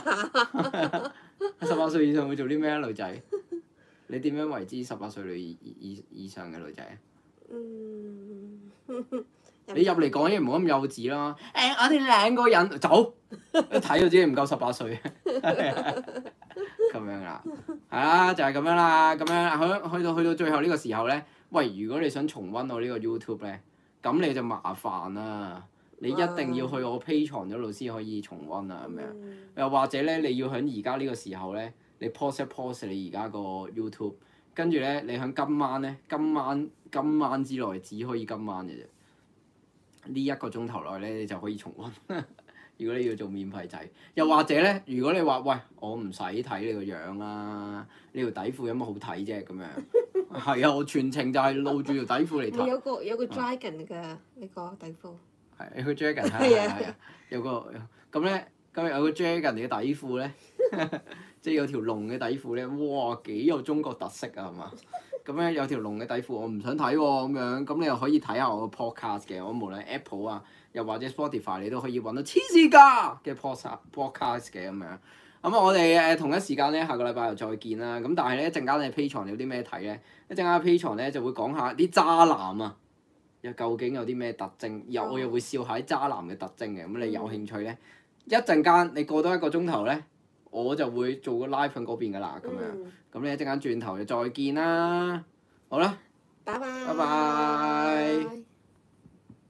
八、啊 [LAUGHS] 歲，啊、歲以上會做啲咩啊？女仔、嗯，你點樣為之？十八歲女以以上嘅女仔啊？你入嚟講嘢唔好咁幼稚啦。誒、哎，我哋兩個人走一睇就知道唔夠十八歲，咁 [LAUGHS] [LAUGHS] 樣啦，係、啊、啦，就係、是、咁樣啦，咁樣去去到去到最後呢個時候咧，喂，如果你想重溫我個呢個 YouTube 咧，咁你就麻煩啦，你一定要去我 Patreon 嗰度先可以重溫啊咁哇樣，又或者咧你要喺而家呢個時候咧，你 pause pause 你而家個 YouTube，跟住咧你喺今晚咧，今晚今晚之內只可以今晚嘅啫。呢一個鐘頭內咧，你就可以重溫。 [LAUGHS] 如果你要做免費仔，又或者咧，如果你話喂，我唔使睇你樣、啊呢個樣啦，你條底褲有乜好睇啫？咁樣係 [LAUGHS] 啊，啊，我全程就係露住條底褲嚟睇。 [LAUGHS] 有個有個 dragon 嘅呢個底褲，係啊，個 dragon 係啊，有個咁咧、啊啊， [LAUGHS] 今日有個 dragon 嚟嘅底褲咧，即 [LAUGHS] 係有條龍嘅底褲咧，哇，幾有中國特色啊係嘛！咁咧有條龍嘅底褲我唔想睇喎，哦，咁樣咁你又可以睇下我嘅 podcast 嘅，我無論 Apple 啊，又或者 Spotify 你都可以揾到黐線架嘅 podcast 嘅咁樣。咁我哋誒同一時間咧，下個禮拜又再見啦。咁但係咧一陣間你 P 藏有啲咩睇咧？一陣間 P 藏咧就會講下啲渣男啊，又究竟有啲咩特徵？又我又會笑下啲渣男嘅特徵嘅。咁你有興趣咧？一陣間你過多一個鐘頭咧。我就會做個 live 響嗰邊噶啦，咁樣，咁你一陣間轉頭就再見啦，好啦，拜拜，拜拜。